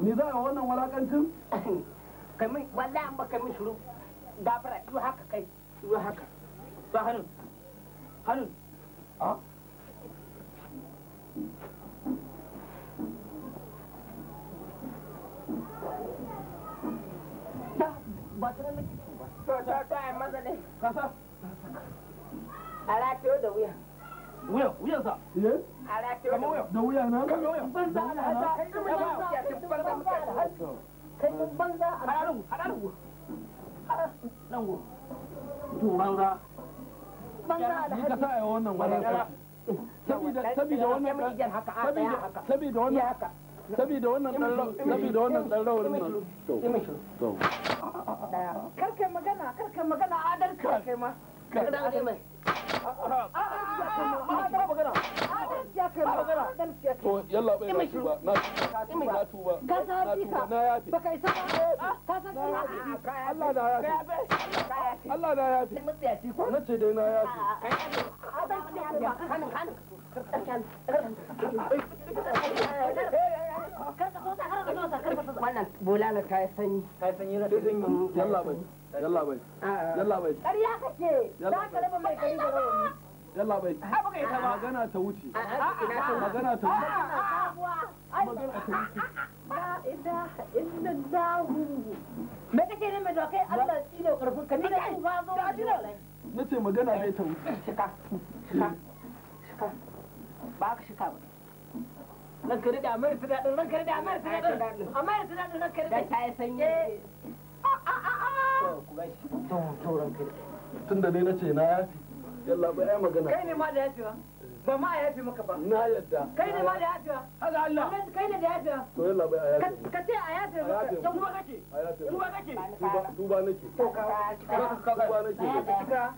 ni za a wannan walakancin <laughs> kamin wallahi an baka min shuru da yi haka kai yi haka to hannun hannun a ba ta nan to to ta ai maza ne kasa a da wuya wuya wuyansa Yes. Eh? da sabida wannan sabida wannan rawar nan to magana karkai magana adalci kai ma to bai na na tuba na tuba na Allah na na ce dai na wannan bulala ta sanyi ta sanyi na ta sanyi bai yalla bai yalla bai ƙarya kake za ka raba mai gari da rawani yalla bai magana ta wuce magana ta wuce magana ta wuce me kake ne mai dokai Allah shi ne karfin ka ni da ku ba zo na ce magana dai ta wuce shika shika ba ka shika ba ranka da amurka da ranka da amurka da amurka da ranka da ta yi tun da na ce na yafi yalla ba ya magana kai ne ma da yafiwa ba ma yafi maka ba na yadda kai ne ma da yafiwa haka Allah kai ne da yafiwa to yalla ba ya yafi ka ce a yafi maka to kuma kake duba kake duba nake to ka ka duba nake ka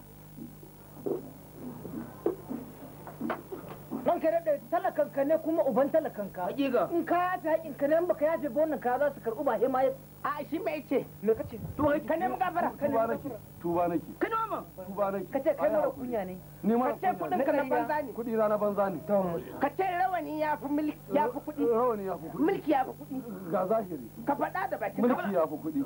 nan da talakanka ne kuma uban talakanka hakika in ka yafe haƙin ka ne in baka yafe bonan ka za su karbu ba he ma a shi mai yace me kace to hakika ka ne mu gafara ka ne nake tuba nake ka ne ma tuba nake kace kai mara kunya ne ni mara kace kudin ka na banza ne kudi na na banza ne to kace rawani ya fi mulki ya fi kudi rawani ya fi kudi mulki ya fi kudi ga zahiri ka fada da baki mulki ya fi kudi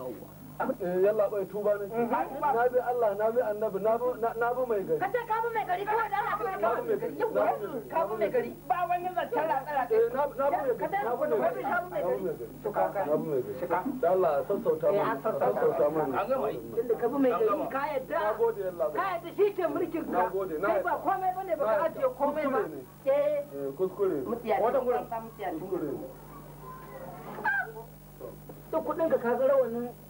yalla bai tuba ne na bi Allah na bi annabi na bi mai gari kace ka bi mai gari ko da Allah ka bi mai gari ka bi mai gari ba wani zancen na na bi mai gari na bi mai gari na bi mai gari ka na bi mai gari suka da Allah sassauta mu sassauta mu an gama yi ka bi mai gari ka yadda nagode ka yadda shi ke mulkin ka kai ba komai bane ba ka ajiye komai ba eh kuskure wannan gurin kuskure to kudin ka ka ga rawanin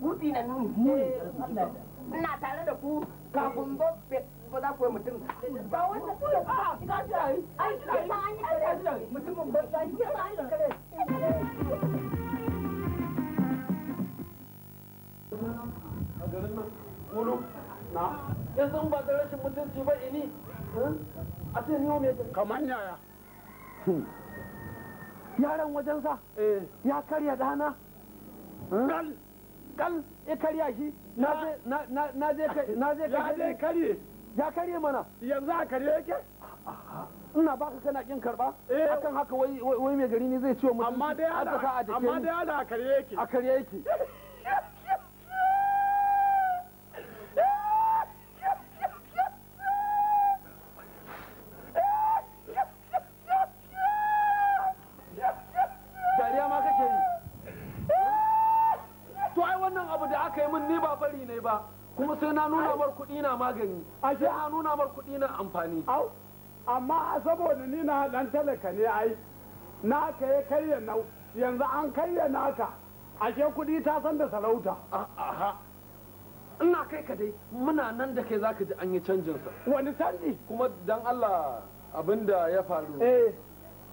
gutsi na nuni ina tare da ku kafin zo ba za ku yi mutum ba wanda ku yi ba ka ji ai ai ji an yi mutumin ba ka ji ma an yi a ba da rashin mutunci ba ini a ce ni ne kamar yaya hmm. yaran eh. ya karya dana kal e karya shi na je karye ya karye mana yanzu a karye yake ina baka kana kin karba eh. akan haka wai mai gari ne zai ce mutum amma dai dai a karye yake a karye yake <laughs> na nuna mar kuɗi na magani ashe a nuna mar kuɗi na amfani au amma saboda ni na dan talaka ne ai na ka ya kayya yanzu an kayya ka ashe kuɗi ta san da sarauta aha ina kai ka dai muna nan da kai zaka ji an yi canjinsa wani canji kuma dan Allah abinda ya faru eh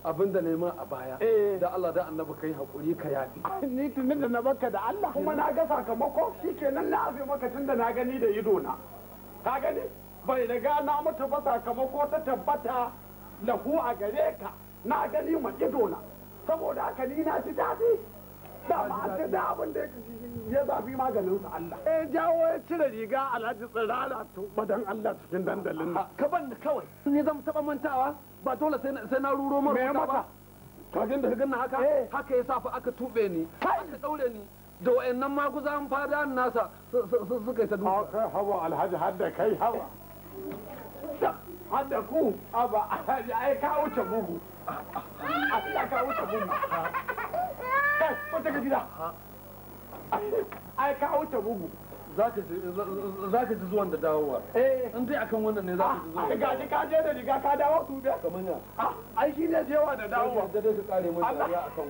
abin da neman a baya eh. da Allah da annabi kai hakuri ka yafi <laughs> ni tunin da na baka da Allah kuma na ga sakamako shikenan na afi maka tun da na gani da ido na ka gani bai riga na mutu ba sakamako ta tabbata lahu a gare ka na gani ma ido na saboda haka ni na ji daɗi da ma da abinda da ya ya zafi maganin sa Allah eh jawo ya cire riga alhaji tsirara to badan Allah cikin dandalin ka ban kawai ni zan taba mantawa ba dole sai na ruro mara ba kajin da ganna haka eh. haka ya safa aka tube ni aka daure ni da wayannan maguzan fada nasa suka yi ta duka aka hawa alhaji hadda kai hawa hadda ku aba alhaji ai ka wuce bugu Allah ka wuce bugu kai ko ta gida ai ka wuce bugu za ka ji zuwan da dawowa eh. in zai akan wannan ne za ka ji zuwan ah, ga ji ka je da riga ka dawo su da kamar ya ah, ai shi ne jewa da dawowa da dai ka kare mun ya akan wannan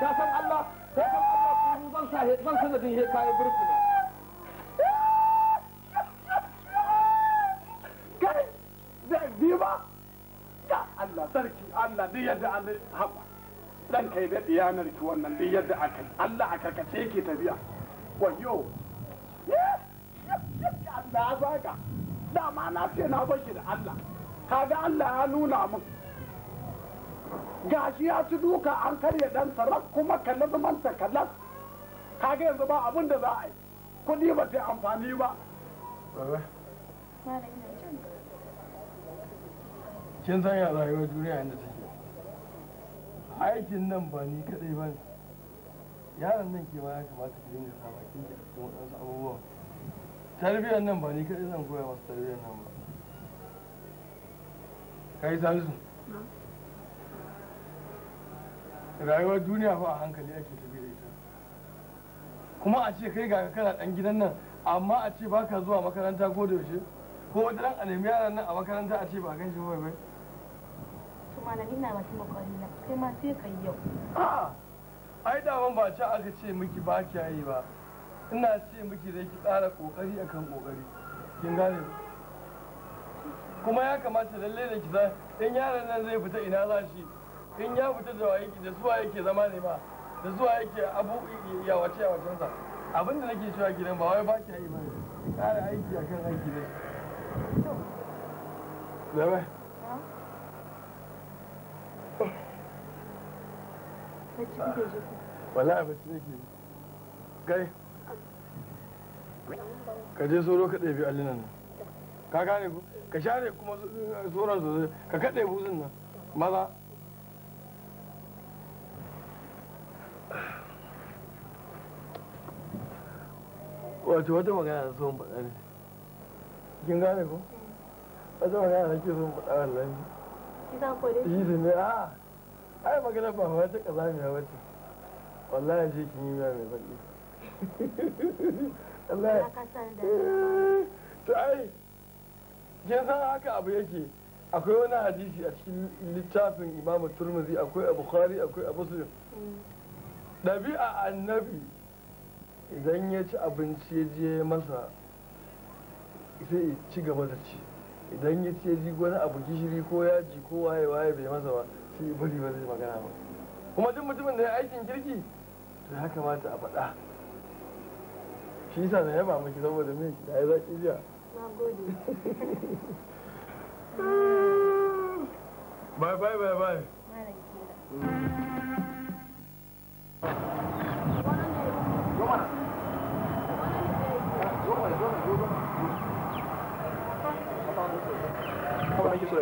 ka san Allah ka san Allah ku zan sa zan sanadin he kai burkuna kai da biba ya Allah sarki Allah ne yadda Allah haba dan kai daɗi diyanar ki wannan duk yadda aka yi Allah a karkace yake tafiya wayo Allah baka dama na ce na bashi da Allah kaga Allah ya nuna min gashi ya ci duka an karya dan sarar kuma ka zamanta kallas kaga yanzu ba abin da za a yi kuɗi ba ta amfani ba kin san ya rayuwar duniya inda take aikin nan ba ni kadai ba ne yaron nan ke ma ya kamata ka dinga sa bakin ki a cikin waɗansu abubuwan tarbiyyar nan ba ni kadai zan koya masu tarbiyyar nan ba kai salisu rayuwar duniya fa a hankali ake tafi da ita kuma a ce kai ga kana dan gidan nan amma a ce baka zuwa makaranta ko da yaushe ko wata ran a nemi yaran nan a makaranta a ce ba gan shi bai bai ba kai ma sai yau a'a ai da ban ba ci aka ce miki ba kiya yi ba ina ce miki da ki tsara kokari akan kokari kin gane kuma ya kamata lalle da ki san in yaron nan zai fita ina za shi in ya fita da waye da zuwa yake zama ne ba da zuwa yake abu ya wace ya wace sa abin da nake cewa gidan ba wai ba kiya yi ba ne tsara aiki akan aiki ne. bye wala abinci ne ke kai ka je soro ka ɗebi allinan nan ka gane ku ka share kuma tsoron su eh, eh, ka kaɗe buzun nan maza wato wata magana da son faɗa ne kin gane ku wata magana da ke son faɗa wallahi ki za ku ne a ah! ai magana ba wata kazamiya wace wallahi ji kin yi mai zaki <laughs> Allah to ai je san haka abu yake akwai wani hadisi a cikin littafin Imam Turmuzi akwai Abu Bukhari akwai Abu Muslim dabi'a mm. annabi idan ya ci abinci ya je masa sai ya ci gaba da ci idan ya ce ya ji wani abu gishiri ko yaji ko waye waye bai masa ba bari ba zai magana ba kuma duk mutumin da ya aikin kirki to ya kamata a faɗa shi yasa na yaba miki saboda me da ya zaki jiya bye bye bye bye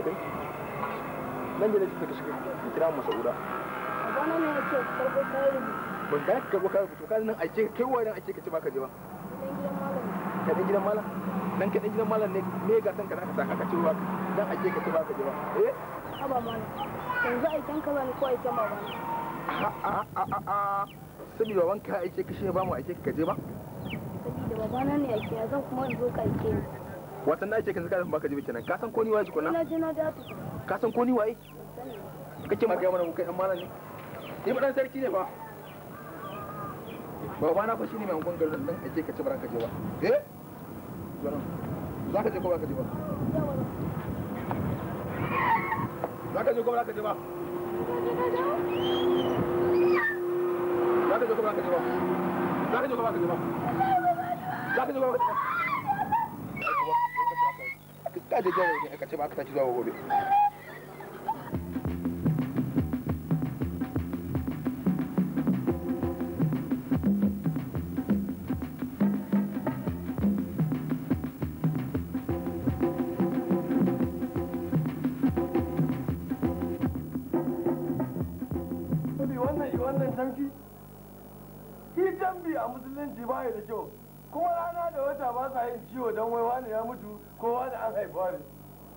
Thank you. nan da nake ka shiga kira mu saura bana ne yake karbo kayan ban ka karbo kayan to kai nan ake kai wa ake ka baka je ba ka dan gidan malam nan ka dan gidan malam ne me ga kanka zaka saka ka ci ruwa dan ake kace baka je ba eh haba malam yanzu aikin ka ne ko kan baba a a a a sabi baban ka ai ka shi ba mu aike ka je ba saboda nan ne ake zan kuma in zo ka ke watan da ake ka zaka baka je kenan ka san ko ni waje ko na na je na da ka san ko ni waye kake ma ga mana mu kai dan malam ne ni ba dan sarki ne fa ba na fa shine mai ungon garin nan ake kace baraka je ba eh za ka je ko ba ka je ba za ka je ko ba je ba za ka je ko ba ka je ba za ka je ko ba ka je ba za ka je ko ba je ba ka jawo ne aka ce ba aka tashi zuwa gobe Eh, a musulunci da kyau kuma rana da wata ba sa yin ciwo don wai ne ya mutu ko wani an haifa ne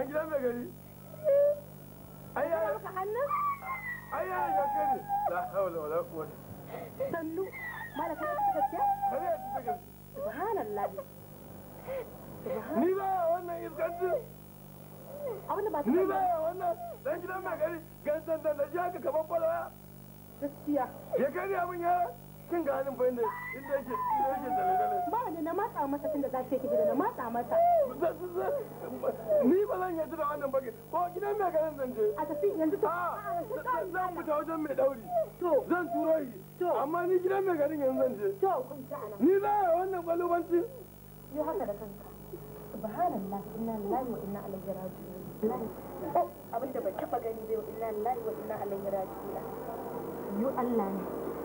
can gidan mai gari ai ya ka hannun ai ya ya kare la hawla wala quwwata sallu malaka kare ta subhanallah ni ba wannan iskancin abinda ba ni ba wannan dan gidan gari da ji haka gaban kwalwaya gaskiya ya kare abun ya. kin ga halin bayan da inda yake inda yake dalilai ba da na matsa masa tunda za yake da na matsa masa ni ba zan yaji da wannan bakin ko gidan mai garin zan je a tafi yanzu to ah, ah, zan fita wajen mai dauri to zan turo shi amma ni gidan mai garin yanzu zan je to ni za a wannan balubanci yo haka da kanka subhanallah inna lillahi wa inna ilaihi raji'un eh, abinda taba gani bai inna lillahi wa inna ilaihi raji'un yo Allah ne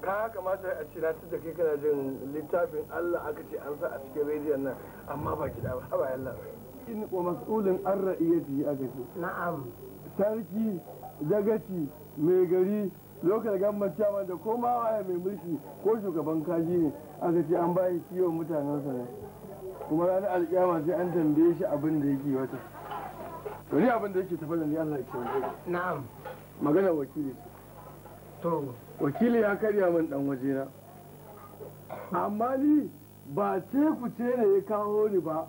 ka kamata a ce da kai kana jin littafin Allah aka ce an sa a cikin rediyon nan amma ba kiɗa ba ba yalla in ko mas'ulin an ji aka ce na'am sarki dagaci mai gari lokacin gamban chairman da ko ma mai mulki ko shugaban kaji ne aka ce an bayan kiwon mutanensa ne kuma ranar alƙiyama sai an tambaye shi abin da yake wata to ni abin da yake tafadar da ni Allah ya kiyaye na'am magana wakili to wakili ya karya min dan wajena amma ni ba teku ce ne ya kawo ni ba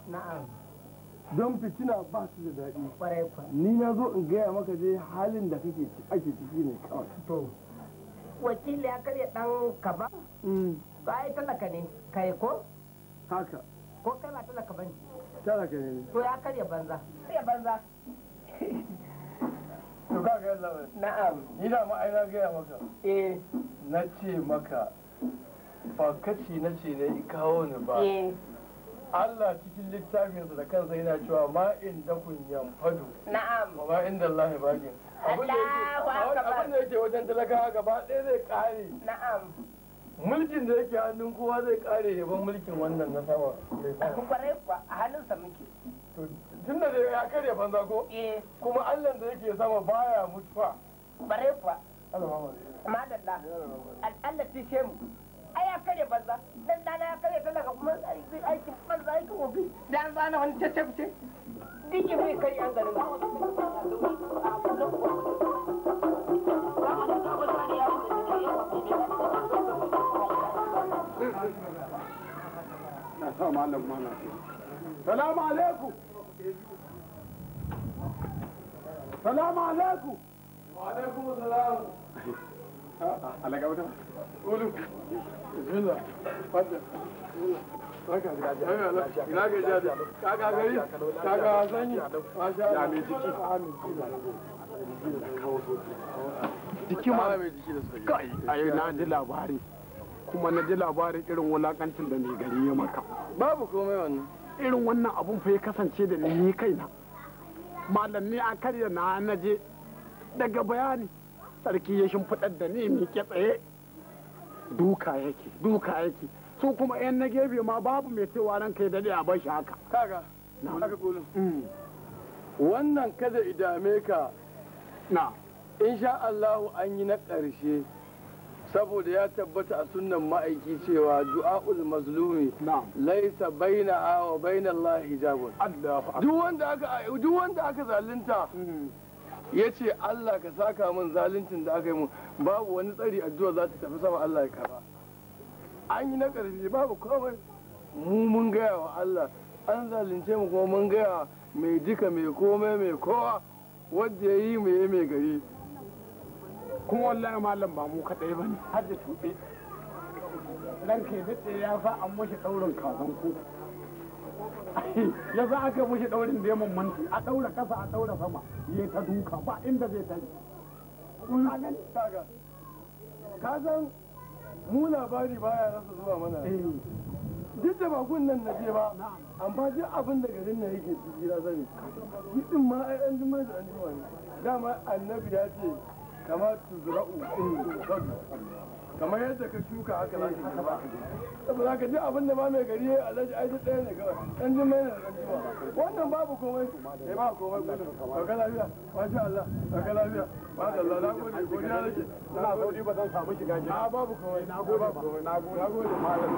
don fitina ba su da daɗi ni na zo in gaya maka dai halin da kake ake ciki ne kawai wakili ya karya dan kaba ba mm. ai talaka ne kai ko haka ko kai ba talaka bane talaka ne to ya karya banza karya banza <laughs> to ka ga na'am ni da ma ai na gaya maka eh na ce maka ba kaci na ce na kawo ni ba eh. Allah cikin littafinsa da kansa yana cewa ma da kun yamfadu na'am ma inda Allah bakin abin da yake wajen talakawa gaba ɗaya zai kare na'am mulkin da yake hannun kowa zai ƙare yaban mulkin wannan na sama kwarai kuwa a hannunsa muke tunda da ya karya banza ko eh. kuma allah da yake sama baya mutuwa bare kuwa madalla allah ce mu ai ya karya banza dan dana ya karya talaka kuma aikin banza aikin obi dan zana wani tace fice dinki mai kari an garin Salamu alaikum. salamu alaikum wa alaikum على قولوا da na ji labari. Kuma na ji labarin irin wulakancin da mai gari ya maka. Babu komai wannan. irin wannan abun fa ya kasance da ni kaina malam ne a karya na naje daga bayani sarki ya shimfiɗar da ni ke tsaye duka yake duka yake su kuma yan na gefe ma babu mai cewa ran kai dade a shi haka kaga haka gulu mm. wannan kada idame ka na insha Allahu an yi na ƙarshe saboda ya tabbata a sunan ma'aiki cewa du'a'ul mazlumi laisa baina wa baina Allah hijabun duk wanda aka duk wanda aka zalunta mm-hmm. yace Allah ka saka min zaluncin da aka yi mun babu wani tsari addu'a za ta tafi sama Allah ya karba an yi na karfi babu komai mu mun gaya wa Allah an zalunce mu kuma mun gaya mai duka mai komai mai kowa wanda ya yi mai mai gari kuma wallahi malam ba mu kadai bane har da tube dan ke daɗe ya fa an mushi daurin kazan ku ya sa aka mushi daurin da ya mummanci a ɗaura kafa, a ɗaura sama ya ta duka ba inda zai tashi ka san mu labari baya rasa zuwa mana eh. duk da bakun nan na je ba amma duk abin da garin nan yake ciki na sani yi ma ai an jima da an jima ne dama annabi ya ce kama tuzra'u in sadu kamar yadda ka shuka haka za ka ba saboda ka ji abin da ba mai gari ya alhaji ai duk ɗaya ne kawai ɗan jin mai na ɗan wannan babu komai sai ba komai gudun ɗauka lafiya ba shi Allah ɗauka lafiya ba da Allah na gode godiya nake na gode ba zan samu shiga gida a babu komai na gode babu komai na gode na gode malam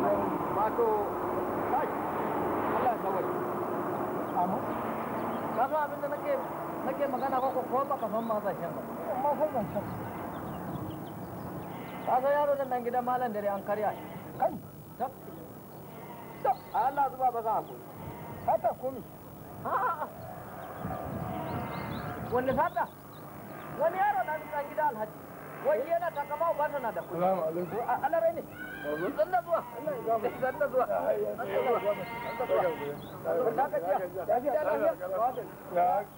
ma to kai Allah ya kawai amma kaga abin da nake nake magana ko ko ba ka san ma zashen ba ka yaro da nan gidan malam dare an karya kai ta ta Allah zuba ba za a koyi fata komi wanda fata wani yaro na nan gidan alhaji wani yana takama ba na da kuɗi salamu alaikum A rai ne zan da zuwa zan da zuwa zan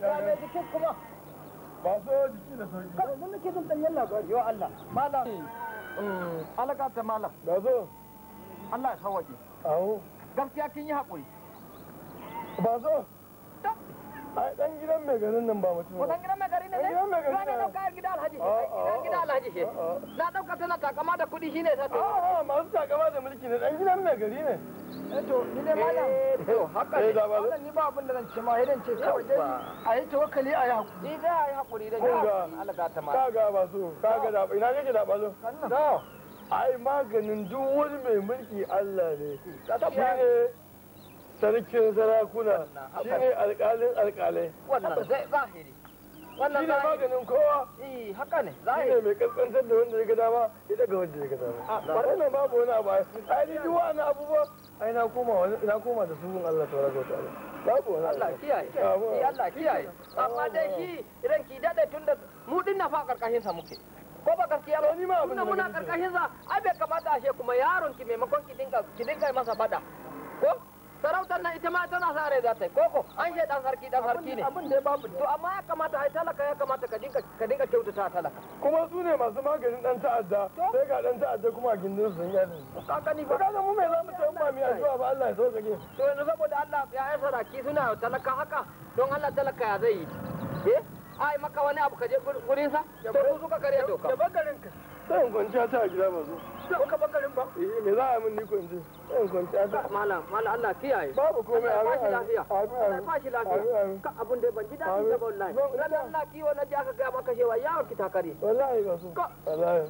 da zuwa ba so jiki da sauki mun nake labari Allah alaka ta ba so Allah ya awo gaskiya kin yi hakuri ba so ai dan gidan mai garin nan ba mutum ba dan gidan mai garin nan ne gidan mai garin nan dauka gida alhaji gidan gida alhaji she na dauka tana takama da kudi shine ta to a masu takama da mulki ne dan gidan mai gari ne eh to ni ne malam eh, to haka ne wannan eh, ni ba abin da zan ce ma idan ce kawai dai a yi tawakkali a yi hakuri ni da a yi hakuri da Allah ga ta ma kaga ba su kaga da ina kake da balo da ai maganin duk wani mai mulki Allah ne ka tabbata sarkin sarakuna shi ne alƙalin alƙalai wannan zai zahiri wannan zahiri maganin kowa eh haka ne zahiri ne mai kaskantar da wanda ya ga dama ya daga wanda ya ga dama wannan ah, babu wani abu ai ni duwa na abubuwa ai na koma na koma da sunan Allah ta wa ta babu wani Allah kiyaye eh, Allah kiyaye amma dai shi idan ki dade tunda mu din na fa karkashin sa muke ko ba gaskiya ba ni ma abin da muna karkashin sa ai bai kamata ashe kuma yaron ki maimakon ki dinga ki dinga masa bada ko sarautar nan ita ma tana sa za ta yi koko an ce dan sarki dan sarki ne abin da babu to amma ya kamata ai talaka ya kamata ka dinka ka dinka ta talaka kuma su ne masu maganin dan ta'adda sai ga dan ta'adda kuma a gindin su yi da kaka ni ba kaga mu me za mu ce ba mu addu'a ba Allah ya sauke to yanzu saboda Allah ya yi saraki suna talaka haka don Allah talaka ya zai yi eh ai maka wani abu ka je gurin sa to su ka kare doka da bakarin ka sai kwanciya ta a gida ba zo da uka bakarin ba eh me za a min ni kwanci sai kwanciya ta malam malam Allah kiyaye babu komai a rai lafiya Allah ba shi lafiya ka abun da ban ji dadi ba wallahi ran Allah kiwo na ji aka ga maka shewa yaron ki takare wallahi ba so wallahi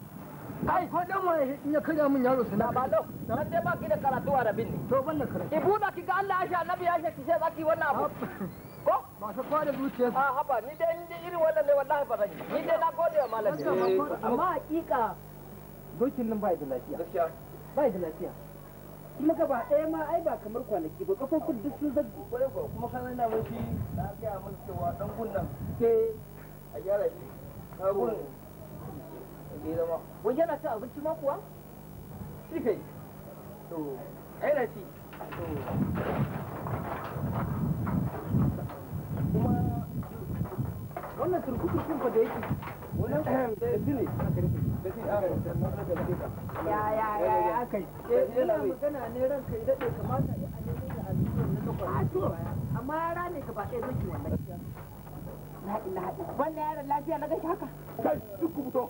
ai ko dan waye in ya kira min yaro sana ba lau na dai ba ki da karatu a rabin ne to ban da karatu ibu ki ga Allah ya sha annabi ya sha ki sai zaki wannan abu ko masu kwada zuciya a haba ni dai ni irin wannan ne wallahi ba zan ni dai na gode wa malami amma hakika dokin nan bai da lafiya gaskiya bai da lafiya kuma gaba ɗaya ma ai ba kamar kwanaki ba kafofin duk sun zaggu kuma kan yana mashi na gaya mun cewa dan gunnan sai eh. a gyara shi ka gunnan wai yana cin abinci ma kuwa shi kai to aina ci to kuma wannan da yake ne ya ya ya ya yana magana ne ranka kamata da na kafa ah, amma ka ba ɗaya wannan wannan lafiya na gashi haka kai duk ku fito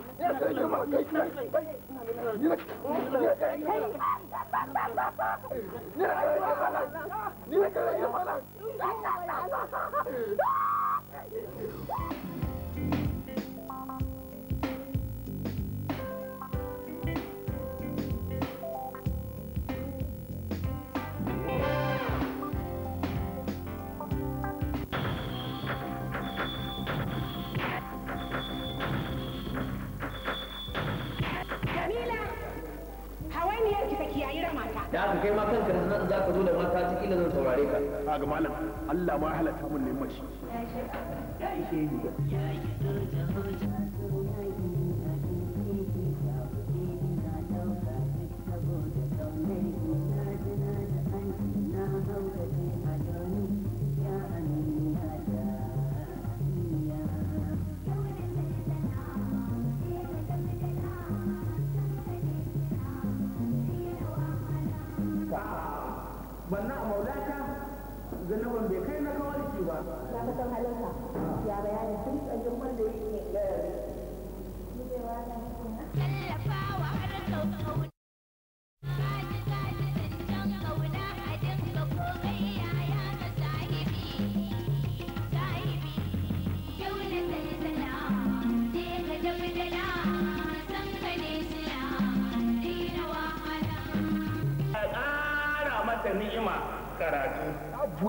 Nhìn cái gì mà lại? Nhìn cái gì mà lại? Nhìn cái gì mà lại? da aka kai ma kanka nan za ka zo da mata ta kila zan saurare ka a ga malam Allah ma halatta mun neman shi ya ishe ni ya ishe gần banna a maulata ganin ban bai kai na kawar ki ba na ka san halinka ya bayani tun tsayin wanda yake ga tallafawa har sau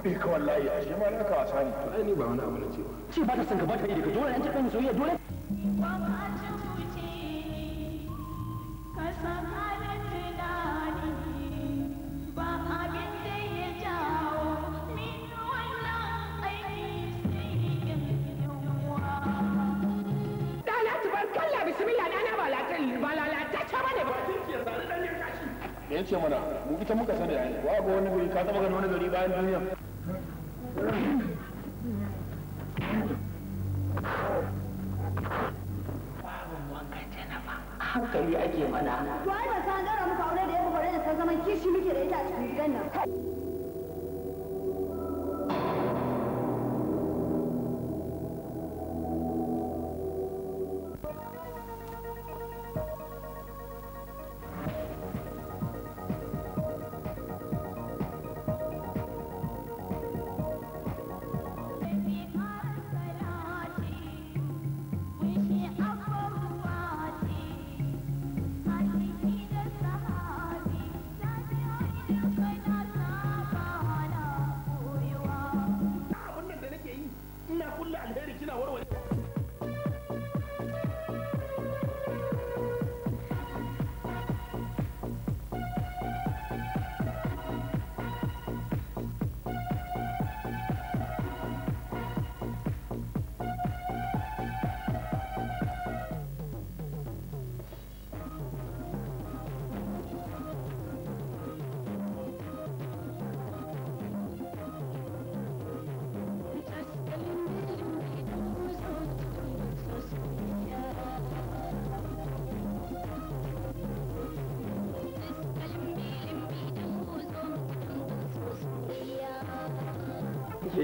buɗe ka wallahi a shi ma na ka wasa ne. Ai ni ba wani abu na ce ba. Ci ba ta san gaba ta yi daga dole an taɓa yin soyayya dole. Me ce mana mu ita muka sani yayi wa ga wani gari ka taba ganin wani gari bayan duniya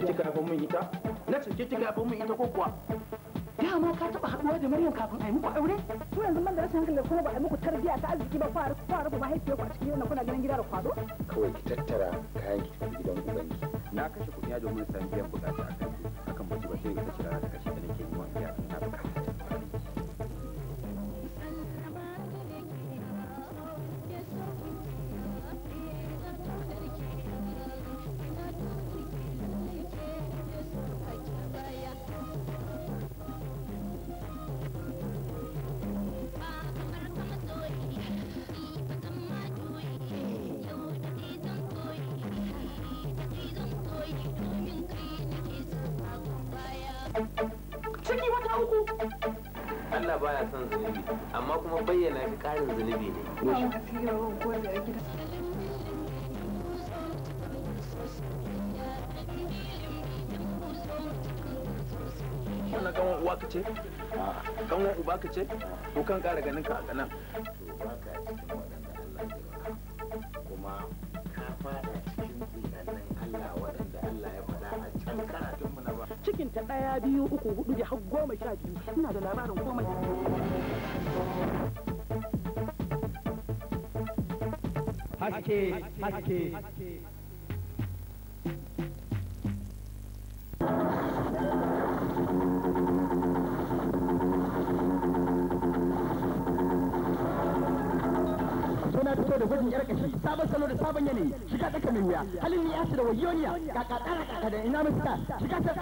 ke kika ita na ita ko kuwa dama ka taba haduwa da Maryam kafin ai muku aure ko yanzu man da rashin hankali kuma ba ai muku tarbiya ta arziki ba fara fara ba haifiye ku a cikin wannan kuna ganin gida da kwado kawai ki tattara kayan ki tafi gidan ubanki na kashe kuɗi domin san biyan bukata akan akan mutu ba sai ita ce rana ta kashe da nake yi wa biya na bukata ana son zunubi amma kuma bayyana shi karin zunubi ne wannan uwa ka uba ka ce ko kan kara ganin a nan cikin fada cikin Allah waɗanda Allah a ta ɗaya biyu uku hudu da har goma sha biyu ina da labarin komai haske haske fito da gwajin yar kashi sabon salo da sabon yanayi shiga mai wuya halin ya da wayoniya kaka tsara kaka da ina mafita shiga ta